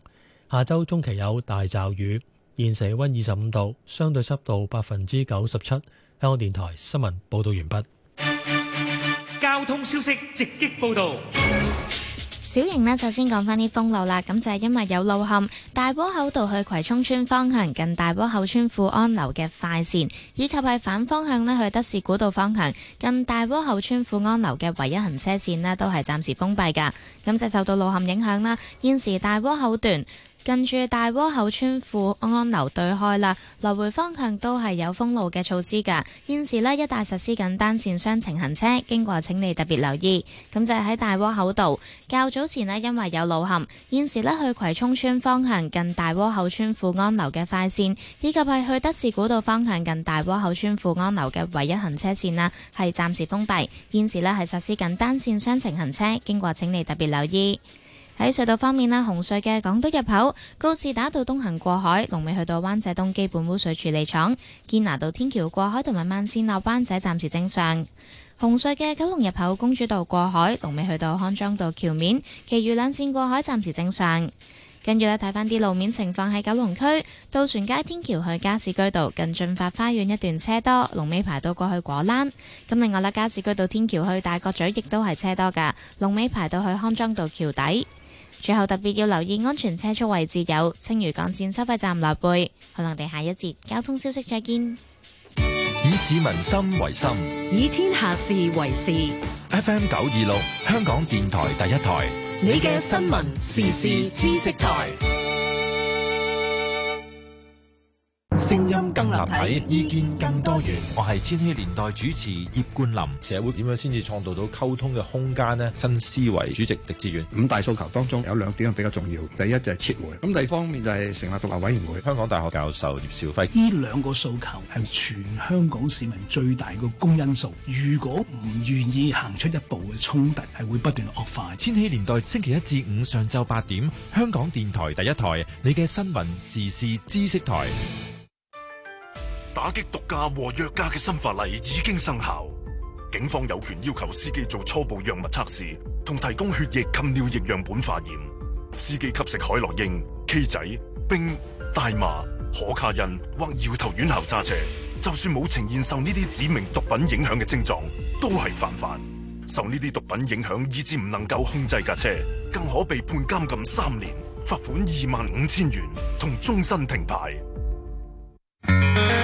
下周中期有大驟雨，現時温二十五度，相對濕度百分之九十七。香港電台新聞報道完畢。交通消息直擊報道。小型呢，首先講返啲封路啦，咁就係、是，因為有路陷，大波口道去葵涌村方向近大波口村富安樓嘅快線，以及係反方向呢去德士古道方向近大波口村富安樓嘅唯一行車線呢，都係暫時封閉噶。咁就受到路陷影響啦，現時大波口段。近住大窩口村富安樓對開啦，來回方向都係有封路嘅措施噶。現時呢，一帶實施緊單線雙程行車，經過請你特別留意。咁就係喺大窩口道。較早前呢，因為有路陷，現時呢，去葵涌村方向近大窩口村富安樓嘅快線，以及係去德士古道方向近大窩口村富安樓嘅唯一行車線啦，係暫時封閉。現時呢，係實施緊單線雙程行車，經過請你特別留意。喺隧道方面啦，紅隧嘅港島入口高士打道東行過海，龍尾去到灣仔東基本污水處理廠；堅拿道天橋過海同埋慢線落灣仔，暫時正常。紅隧嘅九龍入口公主道過海，龍尾去到康莊道橋面，其餘兩線過海暫時正常。跟住呢，睇翻啲路面情況喺九龍區，渡船街天橋去加士居道近駿發花園一段車多，龍尾排到過去果欄。咁另外呢，加士居道天橋去大角咀亦都係車多噶，龍尾排到去康莊道橋底。最後特別要留意安全車速位置有青嶼幹線收費站來背。好喇，我哋下一節交通消息再見。以市民心為心，以天下事為事。FM 九二六，香港電台第一台，你嘅新聞時事知識台。聲音更立體，意見更多元。我係千禧年代主持葉冠霖。社會點樣先至創造到溝通嘅空間呢？新思維主席狄志遠。五大訴求當中有兩點比較重要，第一就係撤回，咁第二方面就係成立獨立委員會。香港大學教授葉兆輝，呢兩個訴求係全香港市民最大嘅公因素。如果唔願意行出一步嘅衝突，係會不斷惡化。千禧年代星期一至五上晝八點，香港電台第一台，你嘅新聞時事知識台。打擊毒駕和藥駕嘅新法例已經生效，警方有權要求司機做初步藥物測試，同提供血液及尿液樣本化驗。司機吸食海洛因、K 仔、冰、大麻、可卡因或搖頭丸後揸車，就算冇呈現受呢啲指明毒品影響嘅症狀，都係犯法。受呢啲毒品影響，以至唔能夠控制架車，更可被判監禁三年、罰款二萬五千元同終身停牌。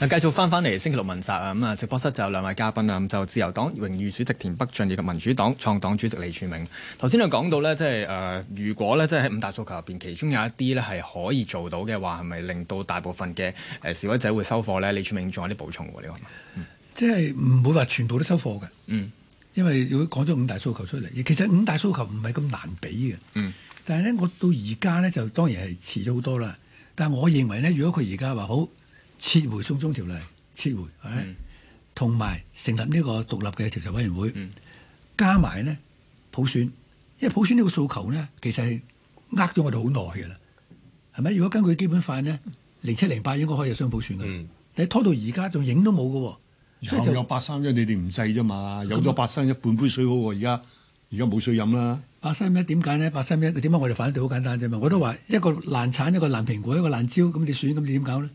啊，繼續翻翻嚟星期六問責啊，咁啊，直播室就有兩位嘉賓啦，咁就有自由黨榮譽主席田北俊以及民主黨創黨主席李柱銘。頭先又講到咧，即係誒，如果咧即係喺五大訴求入邊，其中有一啲咧係可以做到嘅話，係咪令到大部分嘅誒示威者會收貨咧？李柱銘仲有啲補充喎，你可唔可以？嗯，即係唔會話全部都收貨嘅。嗯，因為如果講咗五大訴求出嚟，其實五大訴求唔係咁難畀嘅。嗯，但係咧，我到而家咧就當然係遲咗好多啦。但係我認為咧，如果佢而家話好。撤回《送中條例》，撤回，係咪？同埋成立呢個獨立嘅調查委員會，嗯、加埋咧普選，因為普選呢個訴求咧，其實係呃咗我哋好耐嘅啦。係咪？如果根據基本法咧，零七零八應該可以有雙普選嘅、嗯，但拖到而家仲影都冇㗎喎。有有八三一，你哋唔制啫嘛？有咗八三一半杯水好喎，而家而家冇水飲啦。八三一點解咧？八三一佢點解我哋反對？好簡單啫嘛！我都話一個爛橙，一個爛蘋果，一個爛蕉，咁你選，咁你點搞咧？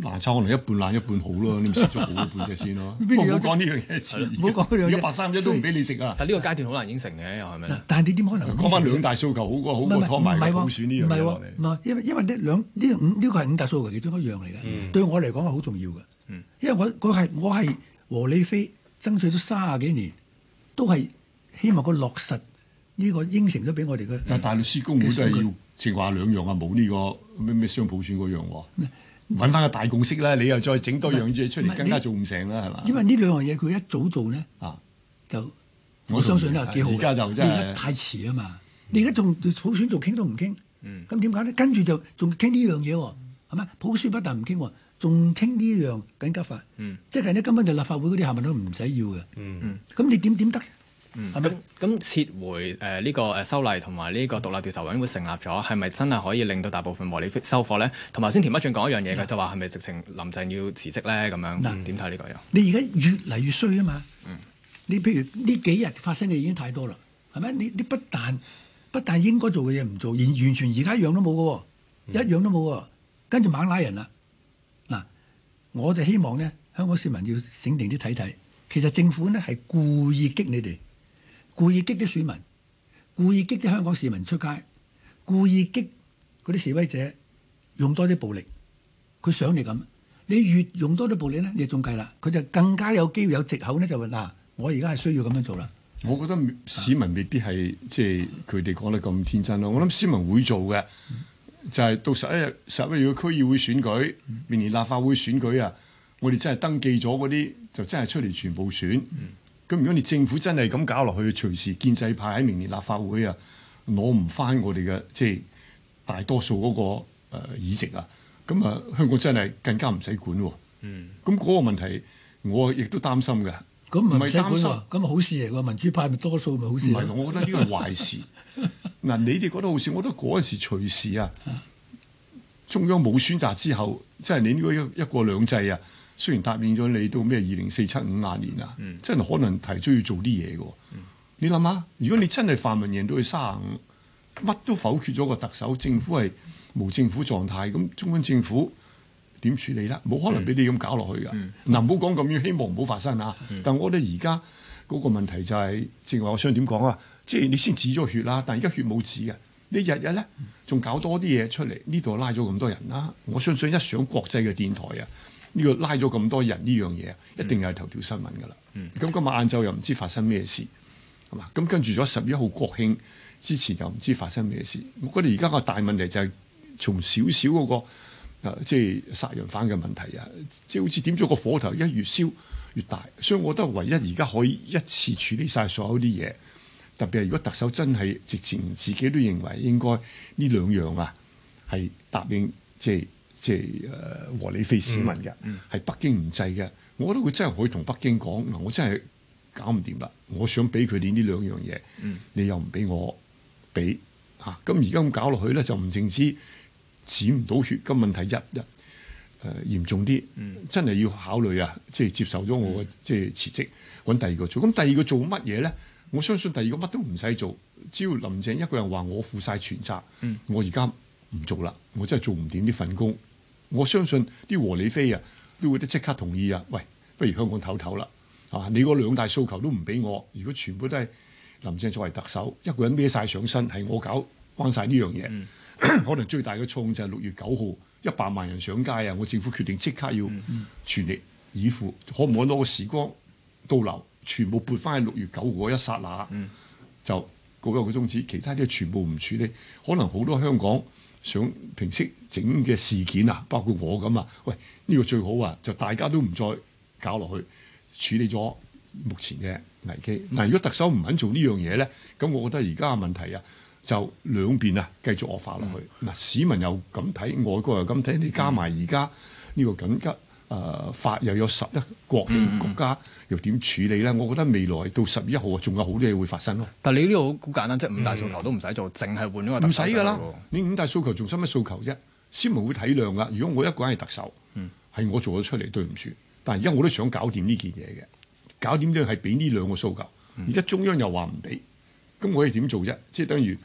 難測可能一半爛一半好咯，你咪食咗好一半隻先咯、啊。 我唔好講呢樣嘢，唔好講呢樣八三一都唔俾你食啊！但呢個階段好難應承嘅，又係咪？但係你點可能講翻兩大訴求好過好過拖埋雙普選呢樣嘢嚟？唔係、啊啊，因為因為呢兩呢呢、呢個係、呢個五，呢個、五大訴求其中一樣嚟嘅、嗯。對我嚟講係好重要嘅，因為我我係我係和理非爭取咗三十幾年，都係希望個落實呢個應承咗俾我哋嘅。但大律師公會都係要淨話兩樣啊，冇呢、呢個咩咩雙普選嗰樣喎。嗯揾翻個大共識啦，你又再整多樣嘢出嚟，更加做唔成啦，係嘛？因為呢兩樣嘢佢一早做咧，啊，就我相信又係幾好。而家就真係太遲啊嘛！你而家仲普選仲傾都唔傾，嗯，咁點解咧？跟住就仲傾呢樣嘢喎，係咪普選不但唔傾，仲、嗯、傾呢樣緊、嗯、急法？嗯、即係咧根本就立法會嗰啲下文都唔使要嘅，嗯嗯，咁你點點得？咁咁撤回呢、呃呢個誒修例同埋呢個獨立調查委員會成立咗，係咪真係可以令到大部分和理收貨咧？同埋先田北俊講一樣嘢嘅，就話係咪直情林鄭要辭職咧？咁樣點點睇呢個樣你而家越嚟越衰啊嘛、嗯！你譬如呢幾日發生嘅已經太多啦，係咪？你你不但不但應該做嘅嘢唔做，完全而家一樣都冇喎、嗯，一樣都冇，跟住猛拉人啦！嗱，我就希望呢香港市民要醒定啲睇睇，其實政府呢係故意激你哋。故意激啲選民，故意激啲香港市民出街，故意激嗰啲示威者用多啲暴力，佢想你咁，你越用多啲暴力咧，你仲計啦，佢就更加有機會有藉口咧，就話嗱、啊，我而家係需要咁樣做啦。我覺得市民未必係即係佢哋講得咁天真咯，我諗市民會做嘅，就係、是、到十一日十一月嘅區議會選舉，明年立法會選舉啊，我哋真係登記咗嗰啲，就真係出嚟全部選。嗯咁如果你政府真係咁搞落去，隨時建制派喺明年立法會啊攞唔翻我哋嘅即係大多數嗰、那個誒、呃、議席啊，咁啊香港真係更加唔使管喎、哦。嗯，咁嗰個問題我亦都擔心嘅。咁唔係擔心，咁好事嚟、啊、嘅民主派咪多數咪好事、啊。唔係，我覺得呢個係壞事。嗱， 你哋覺得好事，我覺得嗰陣時隨時啊，中央冇選擇之後，即、就、係、是、你呢個一一國兩制啊。雖然答應咗你到咩二零四七五廿年啊，真係可能提出要做啲嘢嘅。你諗下，如果你真係泛民贏到去卅五，乜都否決咗個特首，政府係無政府狀態，咁中央政府點處理咧？冇可能俾你咁搞落去噶。嗱、嗯，唔好講咁樣，希望唔好發生啊。但我覺得而家嗰個問題就係、是，正話我想點講啊？即係你先止咗血啦，但係而家血冇止嘅，你日日咧仲搞多啲嘢出嚟，呢度拉咗咁多人啦。我相信一上國際嘅電台啊！呢個拉咗咁多人呢樣嘢，一定、嗯、又係頭條新聞噶啦。咁今日晏晝又唔知發生咩事，係嘛？咁跟住咗十一號國慶之前又唔知發生咩事。我覺得而家個大問題就係從少少嗰個，即係殺人犯嘅問題啊，即係好似點咗個火頭，一越燒越大。所以我覺得唯一而家可以一次處理晒所有啲嘢，特別係如果特首真係直情自己都認為應該呢兩樣啊，係答應即係。即係誒和理非市民嘅，係、嗯嗯、北京唔制嘅。我覺得佢真係可以同北京講嗱，我真係搞唔掂啦。我想俾佢你呢兩樣嘢、嗯，你又唔俾我俾吓。咁而家咁搞落去咧，就唔淨止止唔到血，個問題一、呃、嚴一誒嚴重啲。真係要考慮啊！即、就、係、是、接受咗我嘅即係辭職，揾、嗯、第二個做。咁第二個做乜嘢咧？我相信第二個乜都唔使做，只要林鄭一個人話我負晒全責、嗯，我而家唔做啦。我真係做唔掂呢份工。我相信啲和理非啊，都會都即刻同意啊！喂，不如香港唞唞啦，係你嗰兩大訴求都唔俾我。如果全部都係林鄭作為特首一個人孭晒上身，係我搞關晒呢樣嘢，可能最大嘅錯就係六月九號一百萬人上街啊！我政府決定即刻要全力以赴，嗯嗯、可唔可攞個時光倒流，全部撥翻喺六月九嗰一剎那、嗯、就告一個終止，其他啲全部唔處理，可能好多香港。想平息整嘅事件啊，包括我咁啊，喂，呢個最好啊，就大家都唔再搞落去，處理咗目前嘅危機。嗱，如果特首唔肯做呢樣嘢咧，咁我覺得而家嘅問題啊，就兩邊啊繼續惡化落去。嗱，市民又咁睇，外國又咁睇，你加埋而家呢個緊急誒、呃、法又有十一國嘅國家。嗯點處理咧？我覺得未來到十一號啊，仲有好多嘢會發生咯。但係你呢個好簡單，即係五大訴求都唔使做，淨係換咗個。唔使噶啦，你五大訴求做乜訴求啫？市民會體諒噶。如果我一個人係特首，係、嗯、我做咗出嚟對唔住，但係而家我都想搞掂呢件嘢嘅。搞掂咗係俾呢兩個訴求，而、嗯、家中央又話唔俾，咁我係點做啫？即係等於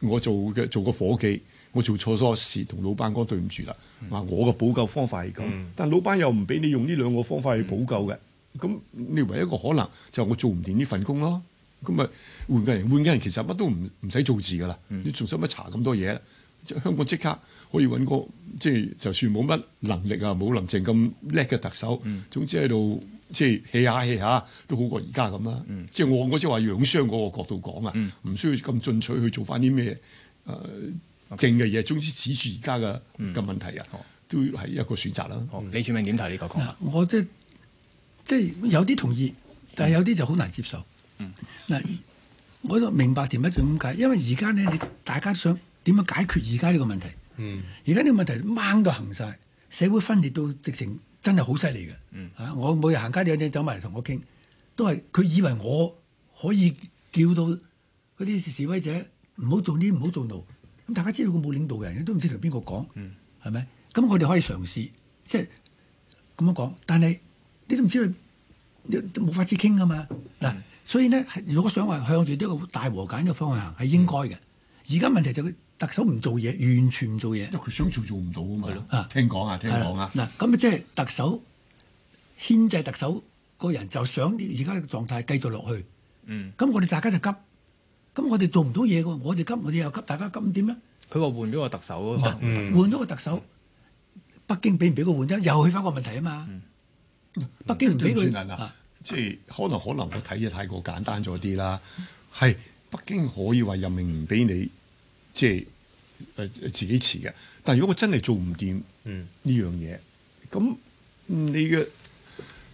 我做嘅做個伙計，我做錯咗事，同老闆講對唔住啦。嗱、嗯，我嘅補救方法係咁、嗯，但係老闆又唔俾你用呢兩個方法去補救嘅。嗯咁你唯一一個可能就係我做唔掂呢份工咯，咁咪換緊人，換緊人其實乜都唔唔使做字噶啦、嗯，你做使乜查咁多嘢？香港即刻可以揾個即係就算冇乜能力啊，冇林鄭咁叻嘅特首，嗯、總之喺度即係 hea 下 hea 下都好過而家咁啦。即係我我即係話養傷嗰個角度講啊，唔、嗯、需要咁進取去做翻啲咩誒正嘅嘢，總之指住而家嘅嘅問題啊、嗯，都係一個選擇啦。李柱銘點睇呢個講法？我即即係有啲同意，但係有啲就好難接受。嗱、嗯，我都明白點解就咁解，因為而家咧，你大家想點樣解決而家呢個問題？而家呢個問題掹到行晒，社會分裂到直情真係好犀利嘅。啊，我每日行街都有啲走埋嚟同我傾，都係佢以為我可以叫到嗰啲示威者唔好做呢，唔好做嗰，咁大家知道佢冇領導嘅人，都唔知同邊個講，係、嗯、咪？咁我哋可以嘗試，即係咁樣講，但係。你都唔知佢，你都冇法子傾噶嘛，嗱，嗯、所以呢，如果想話向住呢個大和解呢個方向行，係應該嘅。而、嗯、家問題就係特首唔做嘢，完全唔做嘢。嗯、因佢想做，做唔到啊嘛，聽講啊，聽講啊。嗱，咁即係特首牽制特首嗰人，就想而家呢個狀態繼續落去。咁、嗯、我哋大家就急，咁我哋做唔到嘢嘅，我哋急，我哋又急，大家急，點咧？佢話換咗個特首，啊嘛，換咗個特首，北京俾唔俾佢換啫？又去翻個問題啊嘛。嗯北京唔俾你，即、嗯、係可能可能我睇嘢太過簡單咗啲啦。係北京可以話任命唔俾你，即係誒、呃、自己辭嘅。但係如果我真係做唔掂呢樣嘢，咁你嘅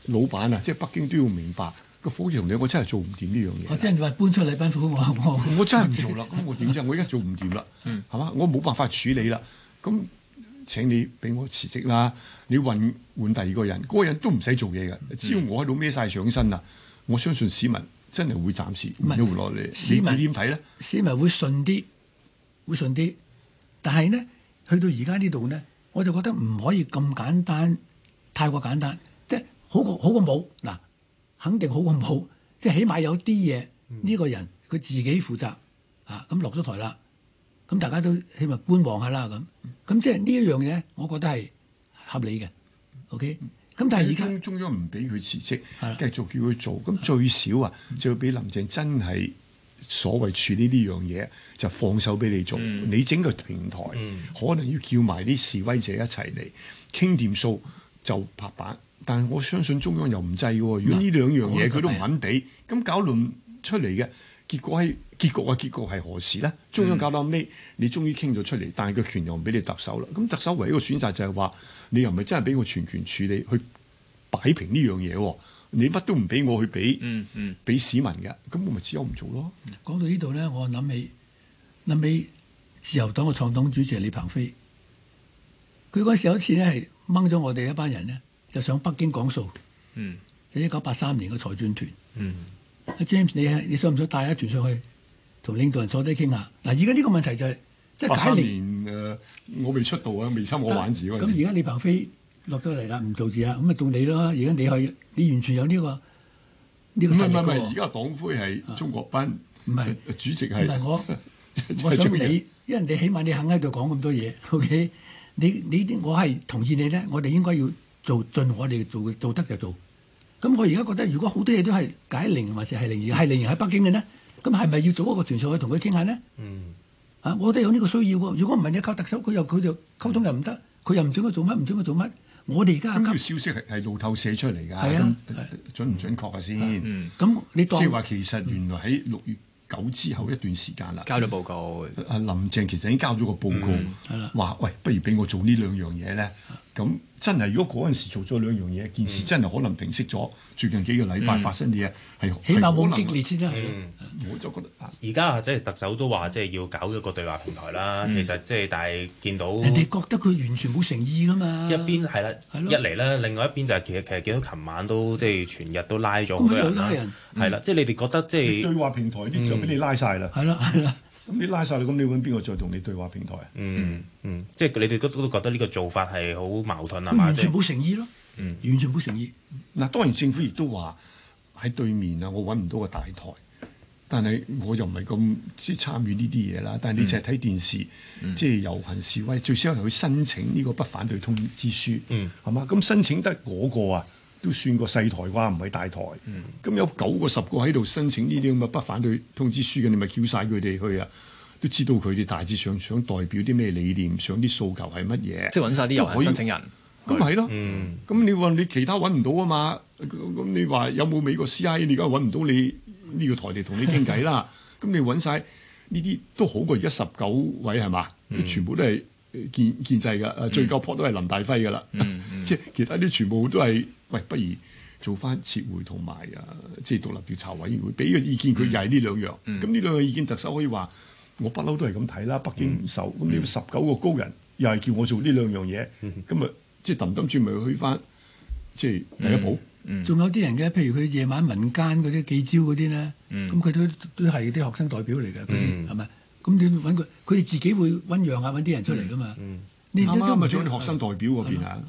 老闆啊，即係北京都要明白個伙計同你，我真係做唔掂呢樣嘢。我真係話搬出禮賓府，我我我真係唔做啦。咁我點啫？我而家做唔掂啦，係嘛？我冇辦法處理啦。咁。請你俾我辭職啦！你換換第二個人，嗰、那個人都唔使做嘢嘅，只要我喺度孭晒上身啊、嗯！我相信市民真係會暫時唔落嚟、嗯。市民點睇咧？市民會順啲，會順啲。但係咧，去到而家呢度咧，我就覺得唔可以咁簡單，太過簡單，即係好過好過冇嗱，肯定好過冇，即係起碼有啲嘢呢個人佢自己負責啊！咁落咗台啦。咁大家都希望觀望下啦，咁咁即係呢一樣嘢，我覺得係合理嘅。OK，咁但係而家中央唔俾佢辭職，繼續叫佢做，咁最少啊，就要俾林鄭真係所謂處理呢樣嘢，就放手俾你做、嗯。你整個平台，嗯、可能要叫埋啲示威者一齊嚟傾掂數就拍板。但係我相信中央又唔制喎。如果呢兩樣嘢佢都唔肯俾，咁搞論出嚟嘅結果係。結局啊！結局係何時呢？中央搞到尾，你終於傾咗出嚟，但係個權又唔俾你特首啦。咁特首唯一,一個選擇就係話，你又唔係真係俾我全權處理去擺平呢樣嘢，你乜都唔俾我去俾，俾、嗯嗯、市民嘅，咁我咪只有唔做咯。講到呢度咧，我諗起諗起自由黨嘅創黨主席李鵬飛，佢嗰時候有一次咧係掹咗我哋一班人呢，就上北京講數。嗯，一九八三年嘅財專團。嗯、啊、，James，你你想唔想帶一團上去？同領導人坐低傾下談談。嗱，而家呢個問題就係即係解鈴、呃。我未出道啊，未參我玩字嗰陣咁而家李鵬飛落咗嚟啦，唔做字啦，咁咪到你咯。而家你去，你完全有呢、呢個呢、呢個勢力而家黨魁係鍾國斌，唔、啊、係主席係。唔係我 中，我想你，因為你起碼你肯喺度講咁多嘢。O、okay? K，你你啲我係同意你咧。我哋應該要做盡我哋做做得就做。咁我而家覺得，如果好多嘢都係解鈴，或者繫鈴，繫鈴人喺北京嘅呢。咁係咪要做一個團體去同佢傾下咧？嗯，啊，我都有呢個需要喎。如果唔係你靠特首，佢又佢就溝通又唔得，佢、嗯、又唔准佢做乜，唔准佢做乜。我哋而家咁呢個消息係係路透寫出嚟㗎、啊啊，準唔準確啊先？咁、啊嗯、你即係話其實原來喺六月九之後一段時間啦、嗯，交咗報告。阿林鄭其實已經交咗個報告，話、嗯啊、喂，不如俾我做呢兩樣嘢咧。咁真係，如果嗰陣時做咗兩樣嘢，件事真係可能停息咗。最近幾個禮拜發生嘅嘢係，起碼冇激烈先得係。我就覺得而家即係特首都話，即係要搞一個對話平台啦、嗯。其實即、就、係、是，但係見到人哋覺得佢完全冇誠意噶嘛。一邊係啦，一嚟咧，另外一邊就係、是、其實其實見到琴晚都即係全日都拉咗好多人。係啦、嗯，即係你哋覺得即係對話平台啲場俾你拉晒啦。係啦。咁你拉晒你，咁你揾邊個再同你對話平台啊？嗯嗯，即係你哋都都覺得呢個做法係好矛盾啊，完全冇誠意咯。嗯，完全冇誠意。嗱，當然政府亦都話喺對面啊，我揾唔到個大台，但係我又唔係咁即係參與呢啲嘢啦。但係你淨係睇電視，即、嗯、係、就係、遊行示威，嗯、最需要去申請呢個不反對通知書。嗯，係嘛？咁申請得嗰個啊？都算個細台啩，唔係大台。咁、嗯、有九個十個喺度申請呢啲咁嘅不反對通知書嘅，你咪叫晒佢哋去啊！都知道佢哋大致上想，想代表啲咩理念，想啲訴求係乜嘢。即係揾晒啲又可以申請人，咁係咯。咁、嗯、你話你其他搵唔到啊嘛？咁你話有冇美國 CIA？你而家揾唔到你呢個台地同你傾偈啦？咁 你搵晒，呢啲都好過而家十九位係嘛？全部都係建建制嘅，最高 port 都係林大輝噶啦。即、嗯嗯、 其他啲全部都係。喂，不如做翻撤回同埋啊，即係獨立調查委員會，俾個意見佢又係呢兩樣。咁、嗯、呢兩個意見，特首可以話我不嬲都係咁睇啦。北京唔受。咁、嗯、你十九個高人、嗯、又係叫我做呢兩樣嘢。咁、嗯、啊，即係氹氹轉咪去翻即係第一步。仲、嗯嗯、有啲人嘅，譬如佢夜晚民間嗰啲記招嗰啲咧，咁、嗯、佢都都係啲學生代表嚟嘅，佢哋係咪？咁你揾佢，佢哋自己會醞釀下揾啲人出嚟噶嘛？啱啱咪做啲學生代表嗰邊啊？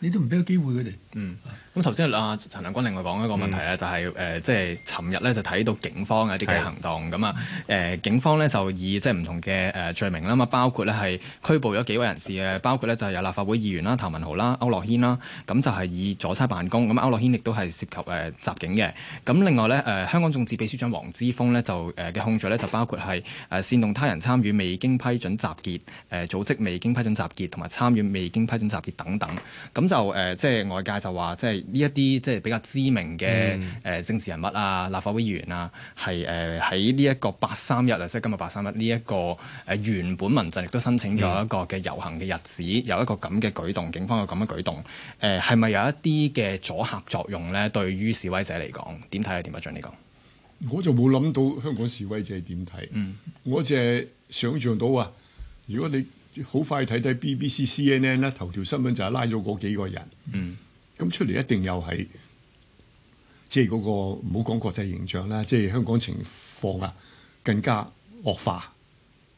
你都唔俾個機會佢哋。嗯，咁頭先阿陳亮均另外講一個問題咧、嗯，就係即係尋日咧就睇、是、到警方嘅一啲嘅行動咁啊、呃，警方咧就以即係唔同嘅、呃、罪名啦嘛，包括咧係拘捕咗幾位人士嘅，包括咧就係、有立法會議員啦、譚文豪啦、區諾軒啦，咁就係以阻差辦公，咁區諾軒亦都係涉及誒、呃、襲警嘅，咁另外咧、呃、香港眾志秘書長黃之鋒咧就嘅、呃、控罪咧就包括係誒、呃、煽動他人參與未經批准集結、呃、組織未經批准集結同埋參與未經批准集結等等，咁就即係、呃就係、外界。.話即係呢一啲即係比較知名嘅誒政治人物啊、嗯、立法會議員啊，係誒喺呢一個八三一，啊，即係今日八三一呢一個誒原本民陣亦都申請咗一個嘅遊行嘅日子、嗯，有一個咁嘅舉動，警方有咁嘅舉動，誒係咪有一啲嘅阻嚇作用咧？對於示威者嚟講，點睇啊？田北俊，你講，我就冇諗到香港示威者點睇，嗯，我淨係想象到啊，如果你好快睇睇 BBC、CNN 咧，頭條新聞就係拉咗嗰幾個人，嗯。咁出嚟一定又係，即係嗰個唔好講國際形象啦，即係香港情況啊，更加惡化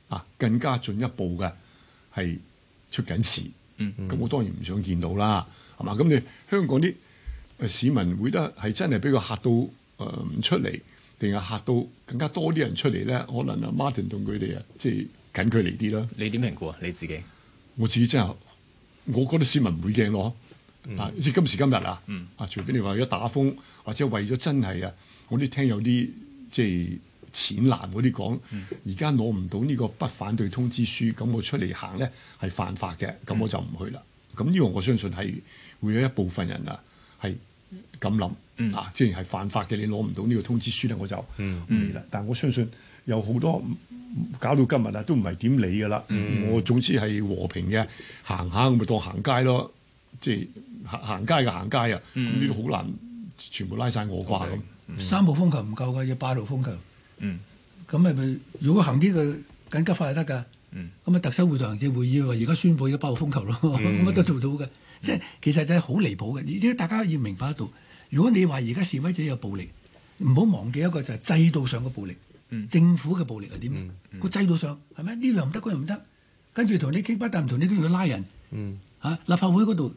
啊，更加進一步嘅係出緊事。嗯。咁我當然唔想見到啦，嗯。係嘛？咁你香港啲市民會得係真係俾佢嚇到，誒唔出嚟，定係嚇到更加多啲人出嚟咧？可能阿 Martin 同佢哋啊，即係近距離啲啦。你點評估啊？你自己？我自己真係，我覺得市民唔會驚咯。嗯、啊！即今時今日啊，嗯、啊！除非你話一打風，或者為咗真係啊，我都聽有啲即係淺藍嗰啲講，而家攞唔到呢個不反對通知書，咁我出嚟行咧係犯法嘅，咁我就唔去啦。咁、嗯、呢個我相信係會有一部分人啊係咁諗，啊，即係係犯法嘅，你攞唔到呢個通知書咧，我就唔理啦、嗯。但我相信有好多搞到今日啊，都唔係點理噶啦、嗯。我總之係和平嘅行下，我咪當行街咯，即係。行街嘅行街啊，呢啲好難，全部拉晒我掛咁、okay, 嗯。三號風球唔夠嘅，要八號風球。嗯，咁係咪如果行啲嘅緊急法就得㗎？咁、嗯、啊特首會同行政會議話：而家宣布要八號風球咯，乜、嗯、都做到嘅、嗯。即係其實就係好離譜嘅。大家要明白到，如果你話而家示威者有暴力，唔好忘記一個就係制度上嘅暴力。嗯、政府嘅暴力係點啊？個、嗯嗯、制度上係咪呢樣唔得嗰又唔得？不不不跟住同你傾不跟你跟你但唔同你同要拉人。嗯，啊、立法會嗰度。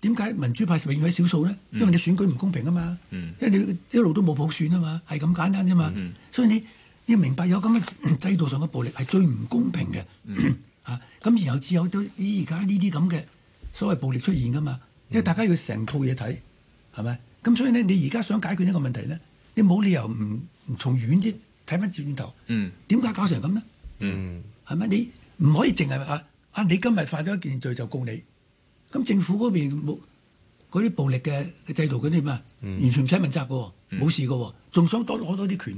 點解民主派係永遠喺少數咧？因為你選舉唔公平啊嘛、嗯，因為你一路都冇普選啊嘛，係咁簡單啫嘛、嗯嗯。所以你要明白有咁嘅制度上嘅暴力係最唔公平嘅嚇。咁、嗯 啊、然後之後都而家呢啲咁嘅所謂暴力出現噶嘛。即、嗯、係大家要成套嘢睇係咪？咁所以咧，你而家想解決呢個問題咧，你冇理由唔從遠啲睇翻轉頭。點、嗯、解搞成咁呢？係、嗯、咪你唔可以淨係啊？啊！你今日犯咗一件罪就告你。咁政府嗰邊冇嗰啲暴力嘅制度嗰啲咩？完全唔使問責嘅，冇、嗯、事嘅，仲想多攞多啲權，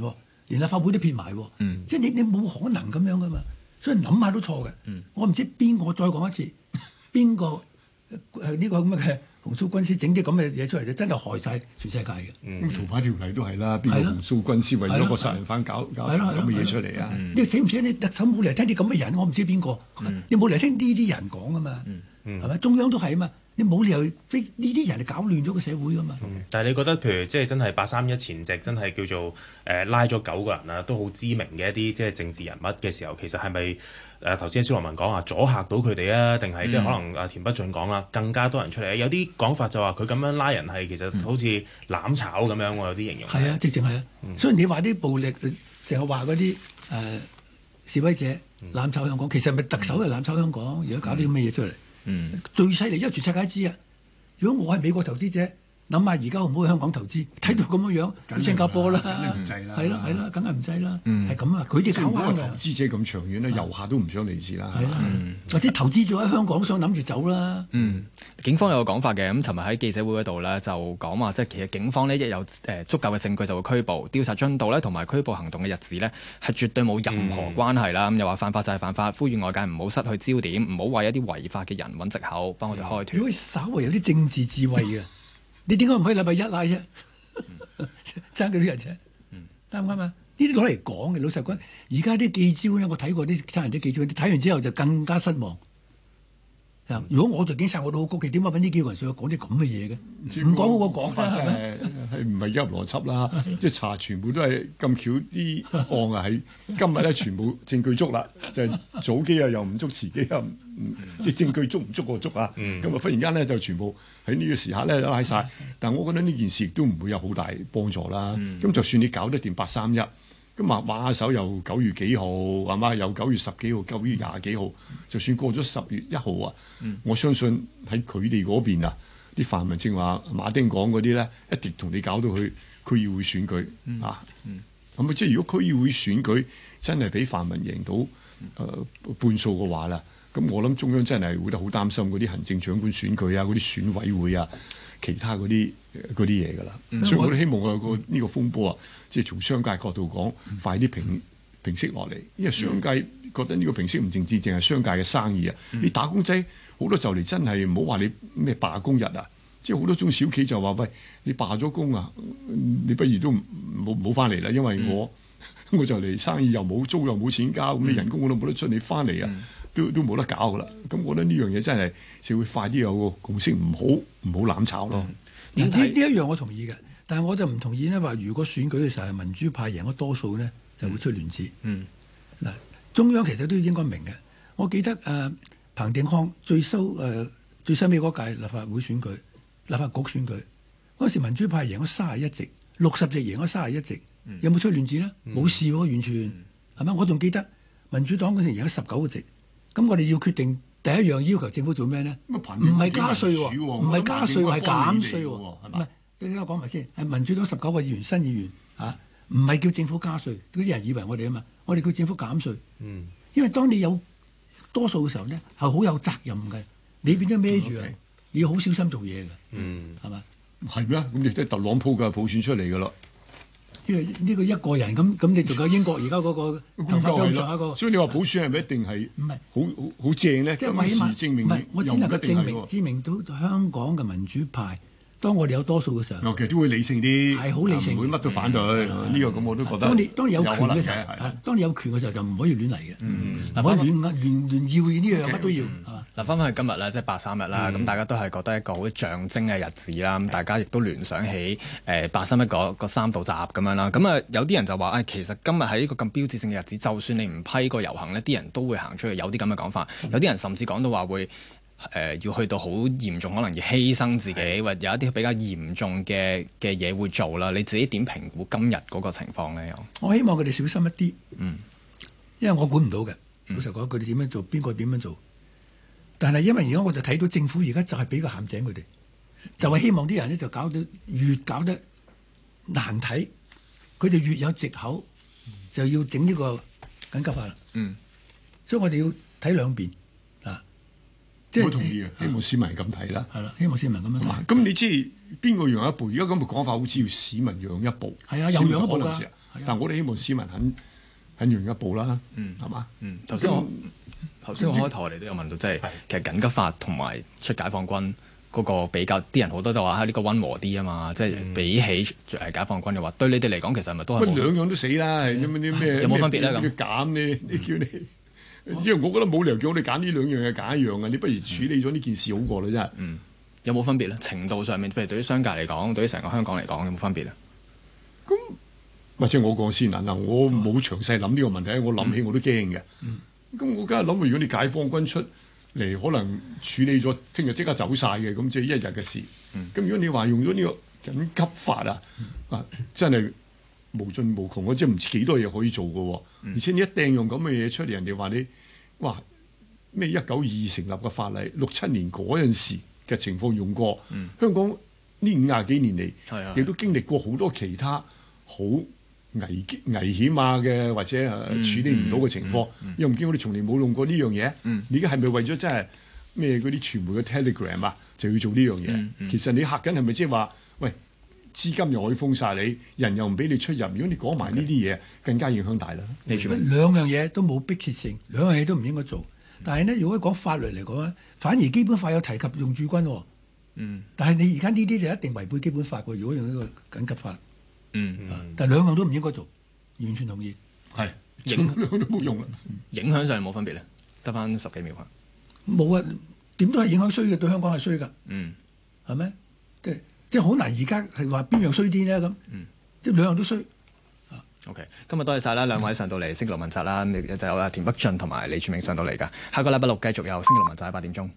連立法會都騙埋、嗯，即係你你冇可能咁樣噶嘛，所以諗下都錯嘅、嗯。我唔知邊個再講一次，邊、嗯呃這個呢個咁嘅紅蘇軍師整啲咁嘅嘢出嚟，就真係害晒全世界嘅。咁逃犯條例都係啦，邊個紅蘇軍師為咗個殺人犯搞的搞啲咁嘅嘢出嚟啊？你死唔死？你特首冇嚟聽啲咁嘅人，我唔知邊個、嗯。你冇嚟聽呢啲人講㗎嘛。嗯嗯，係咪中央都係啊嘛？你冇理由逼呢啲人搞亂咗個社會噶嘛？嗯、但係你覺得，譬如即係真係八三一前夕，真係叫做誒拉咗九個人啦、啊，都好知名嘅一啲即係政治人物嘅時候，其實係咪誒？頭先阿蕭洛汶講啊，阻嚇到佢哋啊，定係即係可能啊？田北俊講啦，更加多人出嚟，有啲講法就話佢咁樣拉人係其實好似攬炒咁樣喎、啊，有啲形容係、嗯嗯、啊，直情係啊、嗯。所以你話啲暴力成日話嗰啲誒示威者攬炒香港，嗯、其實係咪特首係攬炒香港？如、嗯、果搞啲咩嘢出嚟？嗯嗯嗯，最犀利，全世界都知啊！如果我係美國投資者。諗下而家唔好去香港投資，睇到咁嘅樣咁新加坡啦，係咯係咯，梗係唔制啦，係咁啊！佢哋、嗯、搞硬嘅。如果投資者咁長遠咧，遊客都唔想嚟事啦。或者、嗯、投資咗喺香港想諗住走啦。嗯，警方有個講法嘅咁，尋日喺記者會嗰度咧就講話，即、就、係、是、其實警方呢一有誒足夠嘅證據就會拘捕調查進度咧，同埋拘捕行動嘅日子咧係絕對冇任何關係啦。咁、嗯嗯、又話犯法就係犯法，呼籲外界唔好失去焦點，唔好為一啲違法嘅人揾藉口，幫我哋開脱。如、嗯、果稍為有啲政治智慧嘅。 你點解唔可以禮拜一拉啫？爭、mm. 幾多人啫？啱唔啱啊？呢啲攞嚟講嘅，老實講，而家啲記招咧，我睇過啲差人啲記招，睇完之後就更加失望。如果我做警察我，我都好高奇，點解揾呢幾個人上去講啲咁嘅嘢嘅？唔講好過講，法，就係唔係一邏輯啦？即 係查全部都係咁巧啲案啊！喺 今日咧，全部證據足啦，就係、是、早機啊又唔足，遲機又即係證據足唔足個足啊？咁、嗯、啊，就忽然間咧就全部喺呢個時刻咧拉晒。但我覺得呢件事亦都唔會有好大幫助啦。咁、嗯、就算你搞得掂八三一。咁啊，馬首又九月幾號？係嘛？又九月十幾號？九月廿幾號、嗯？就算過咗十月一號啊，我相信喺佢哋嗰邊啊，啲、嗯、泛民正話馬丁講嗰啲咧，一定同你搞到佢區議會選舉、嗯嗯、啊！咁、嗯、啊，即係如果區議會選舉真係俾泛民贏到誒、呃、半數嘅話啦，咁我諗中央真係會得好擔心嗰啲行政長官選舉啊、嗰啲選委會啊、其他嗰啲啲嘢㗎啦。所以我都希望個呢個風波啊！即係從商界角度講、嗯，快啲平平息落嚟、嗯，因為商界覺得呢個平息唔淨止淨係商界嘅生意啊、嗯！你打工仔好多就嚟真係唔好話你咩罷工日啊！即係好多中小企就話：喂，你罷咗工啊，你不如都冇冇翻嚟啦，因為我、嗯、我就嚟生意又冇租又冇錢交，咁、嗯、你人工我都冇得出來，你翻嚟啊都都冇得搞噶啦！咁我覺得呢樣嘢真係就會快啲有個共識，唔好唔好攬炒咯。呢一樣我同意嘅。但係我就唔同意咧，話如果選舉嘅時候民主派贏咗多數咧，就會出亂子。嗯，嗱、嗯，中央其實都應該明嘅。我記得誒、呃、彭定康最收誒、呃、最收尾嗰屆立法會選舉、立法局選舉嗰時，民主派贏咗三十一席，六十席贏咗三十一席，嗯、有冇出亂子咧？冇、嗯、事喎，完全係咪、嗯嗯？我仲記得民主黨嗰時贏咗十九個席，咁我哋要決定第一樣要求政府做咩呢？唔係加稅喎、啊，唔係、啊、加稅係減稅喎、啊，係咪、啊？你啱啱講埋先，係民主黨十九個議員新議員嚇，啊，唔係叫政府加稅，嗰啲人以為我哋啊嘛，我哋叫政府減稅。嗯，因為當你有多數嘅時候咧，係好有責任嘅，你變咗孭住啊，嗯 okay. 你要好小心做嘢嘅。嗯，係咪？係咩？咁你即係特朗普嘅普選出嚟嘅咯。因為呢個一個人咁咁，你仲有英國而家嗰個頭髮、嗯、都、那個、所以你話普選係咪一定係唔係好好正咧？即係唔係？我只能夠證明證明到香港嘅民主派。當我哋有多數嘅時候，其、okay, 實都會理性啲，好理性唔、啊、會乜都反對。呢、嗯嗯呢個咁我都覺得當。當你有權嘅時候可的，當你有權嘅時候就唔可以亂嚟嘅。唔、嗯、可以亂、啊嗯亂、啊、亂、亂、亂要呢樣乜都要。嗱、嗯，翻返去今日啦，即、就、係、是、八三日啦，咁、嗯、大家都係覺得一個好象徵嘅日子啦。咁、嗯、大家亦都聯想起誒、呃、八三一嗰三道閘咁樣啦。咁啊有啲人就話、哎、其實今日喺呢個咁標誌性嘅日子，就算你唔批個遊行呢啲人都會行出去。有些這樣的嗯」有啲咁嘅講法。有啲人甚至講到話會。誒、呃、要去到好嚴重，可能要犧牲自己，或者有一啲比較嚴重嘅嘅嘢會做啦。你自己點評估今日嗰個情況咧？我希望佢哋小心一啲，嗯，因為我管唔到嘅、嗯。老實講，佢哋點樣做，邊個點樣做？但係因為而家我就睇到政府而家就係俾個陷阱佢哋，就係希望啲人咧就搞到越搞得難睇，佢哋越有藉口，就要整呢個緊急法啦。嗯，所以我哋要睇兩邊。即、就、係、是、我同意嘅，希望市民咁睇啦。係啦，希望市民咁樣睇。咁你知係邊個讓一步？而家咁嘅講法，好似要市民讓一步。係啊，又讓一步㗎。但我哋希望市民肯肯讓一步啦。嗯，係嘛？嗯。頭先我頭先開頭我哋都有問到，即、嗯、係其實緊急法同埋出解放軍嗰個比較，啲人好多都話，係呢個溫和啲啊嘛，即、嗯、係、就是、比起解放軍嘅話，對你哋嚟講其實咪都係。乜兩樣都死啦？有冇分別咧？咁要減你，你叫你。嗯因為我覺得冇理由叫我哋揀呢兩樣嘢揀一樣嘅、啊，你不如處理咗呢件事好過啦、嗯，真係。嗯，有冇分別咧？程度上面，譬如對於商界嚟講、嗯，對於成個香港嚟講，有冇分別啊？咁、嗯，或者我講先啦，我冇詳細諗呢個問題，我諗起我都驚嘅。咁、嗯嗯、我梗係諗，如果你解放軍出嚟，可能處理咗，聽日即刻走晒嘅，咁即係一日嘅事。咁、嗯、如果你話用咗呢個緊急法啊、嗯，啊，真係無盡無窮啊！即係唔知幾多嘢可以做㗎。嗯。而且你一定用咁嘅嘢出嚟，人哋話你。哇！咩一九二成立嘅法例，六七年嗰陣時嘅情況用過、嗯、香港呢五廿幾年嚟，亦、嗯、都經歷過好多其他好危危險啊嘅，或者處理唔到嘅情況，又唔見我哋從嚟冇用過呢樣嘢。你而家係咪為咗真係咩嗰啲傳媒嘅 telegram 啊，就要做呢樣嘢？其實你吓緊係咪即係話。資金又可以封晒你，人又唔俾你出入。如果你講埋呢啲嘢，okay. 更加影響大啦。兩樣嘢都冇迫切性，兩樣嘢都唔應該做。但係呢，如果講法律嚟講咧，反而基本法有提及用駐軍喎。嗯。但係你而家呢啲就一定違背基本法喎。如果用呢個緊急法。嗯嗯啊，但係兩樣都唔應該做，完全同意。係。影響都冇用啦。影響上冇分別咧，得翻十幾秒啊。冇啊，點都係影響衰嘅，對香港係衰噶。嗯。係咩？即係。即係好難是說哪，而家係話邊樣衰啲咧？咁，即係兩樣都衰。OK，今日多謝晒啦，兩位上到嚟《星期六問答》啦，就有、是、阿田北俊同埋李柱銘上到嚟噶。下個禮拜六繼續有《星期六問答》，喺八點鐘。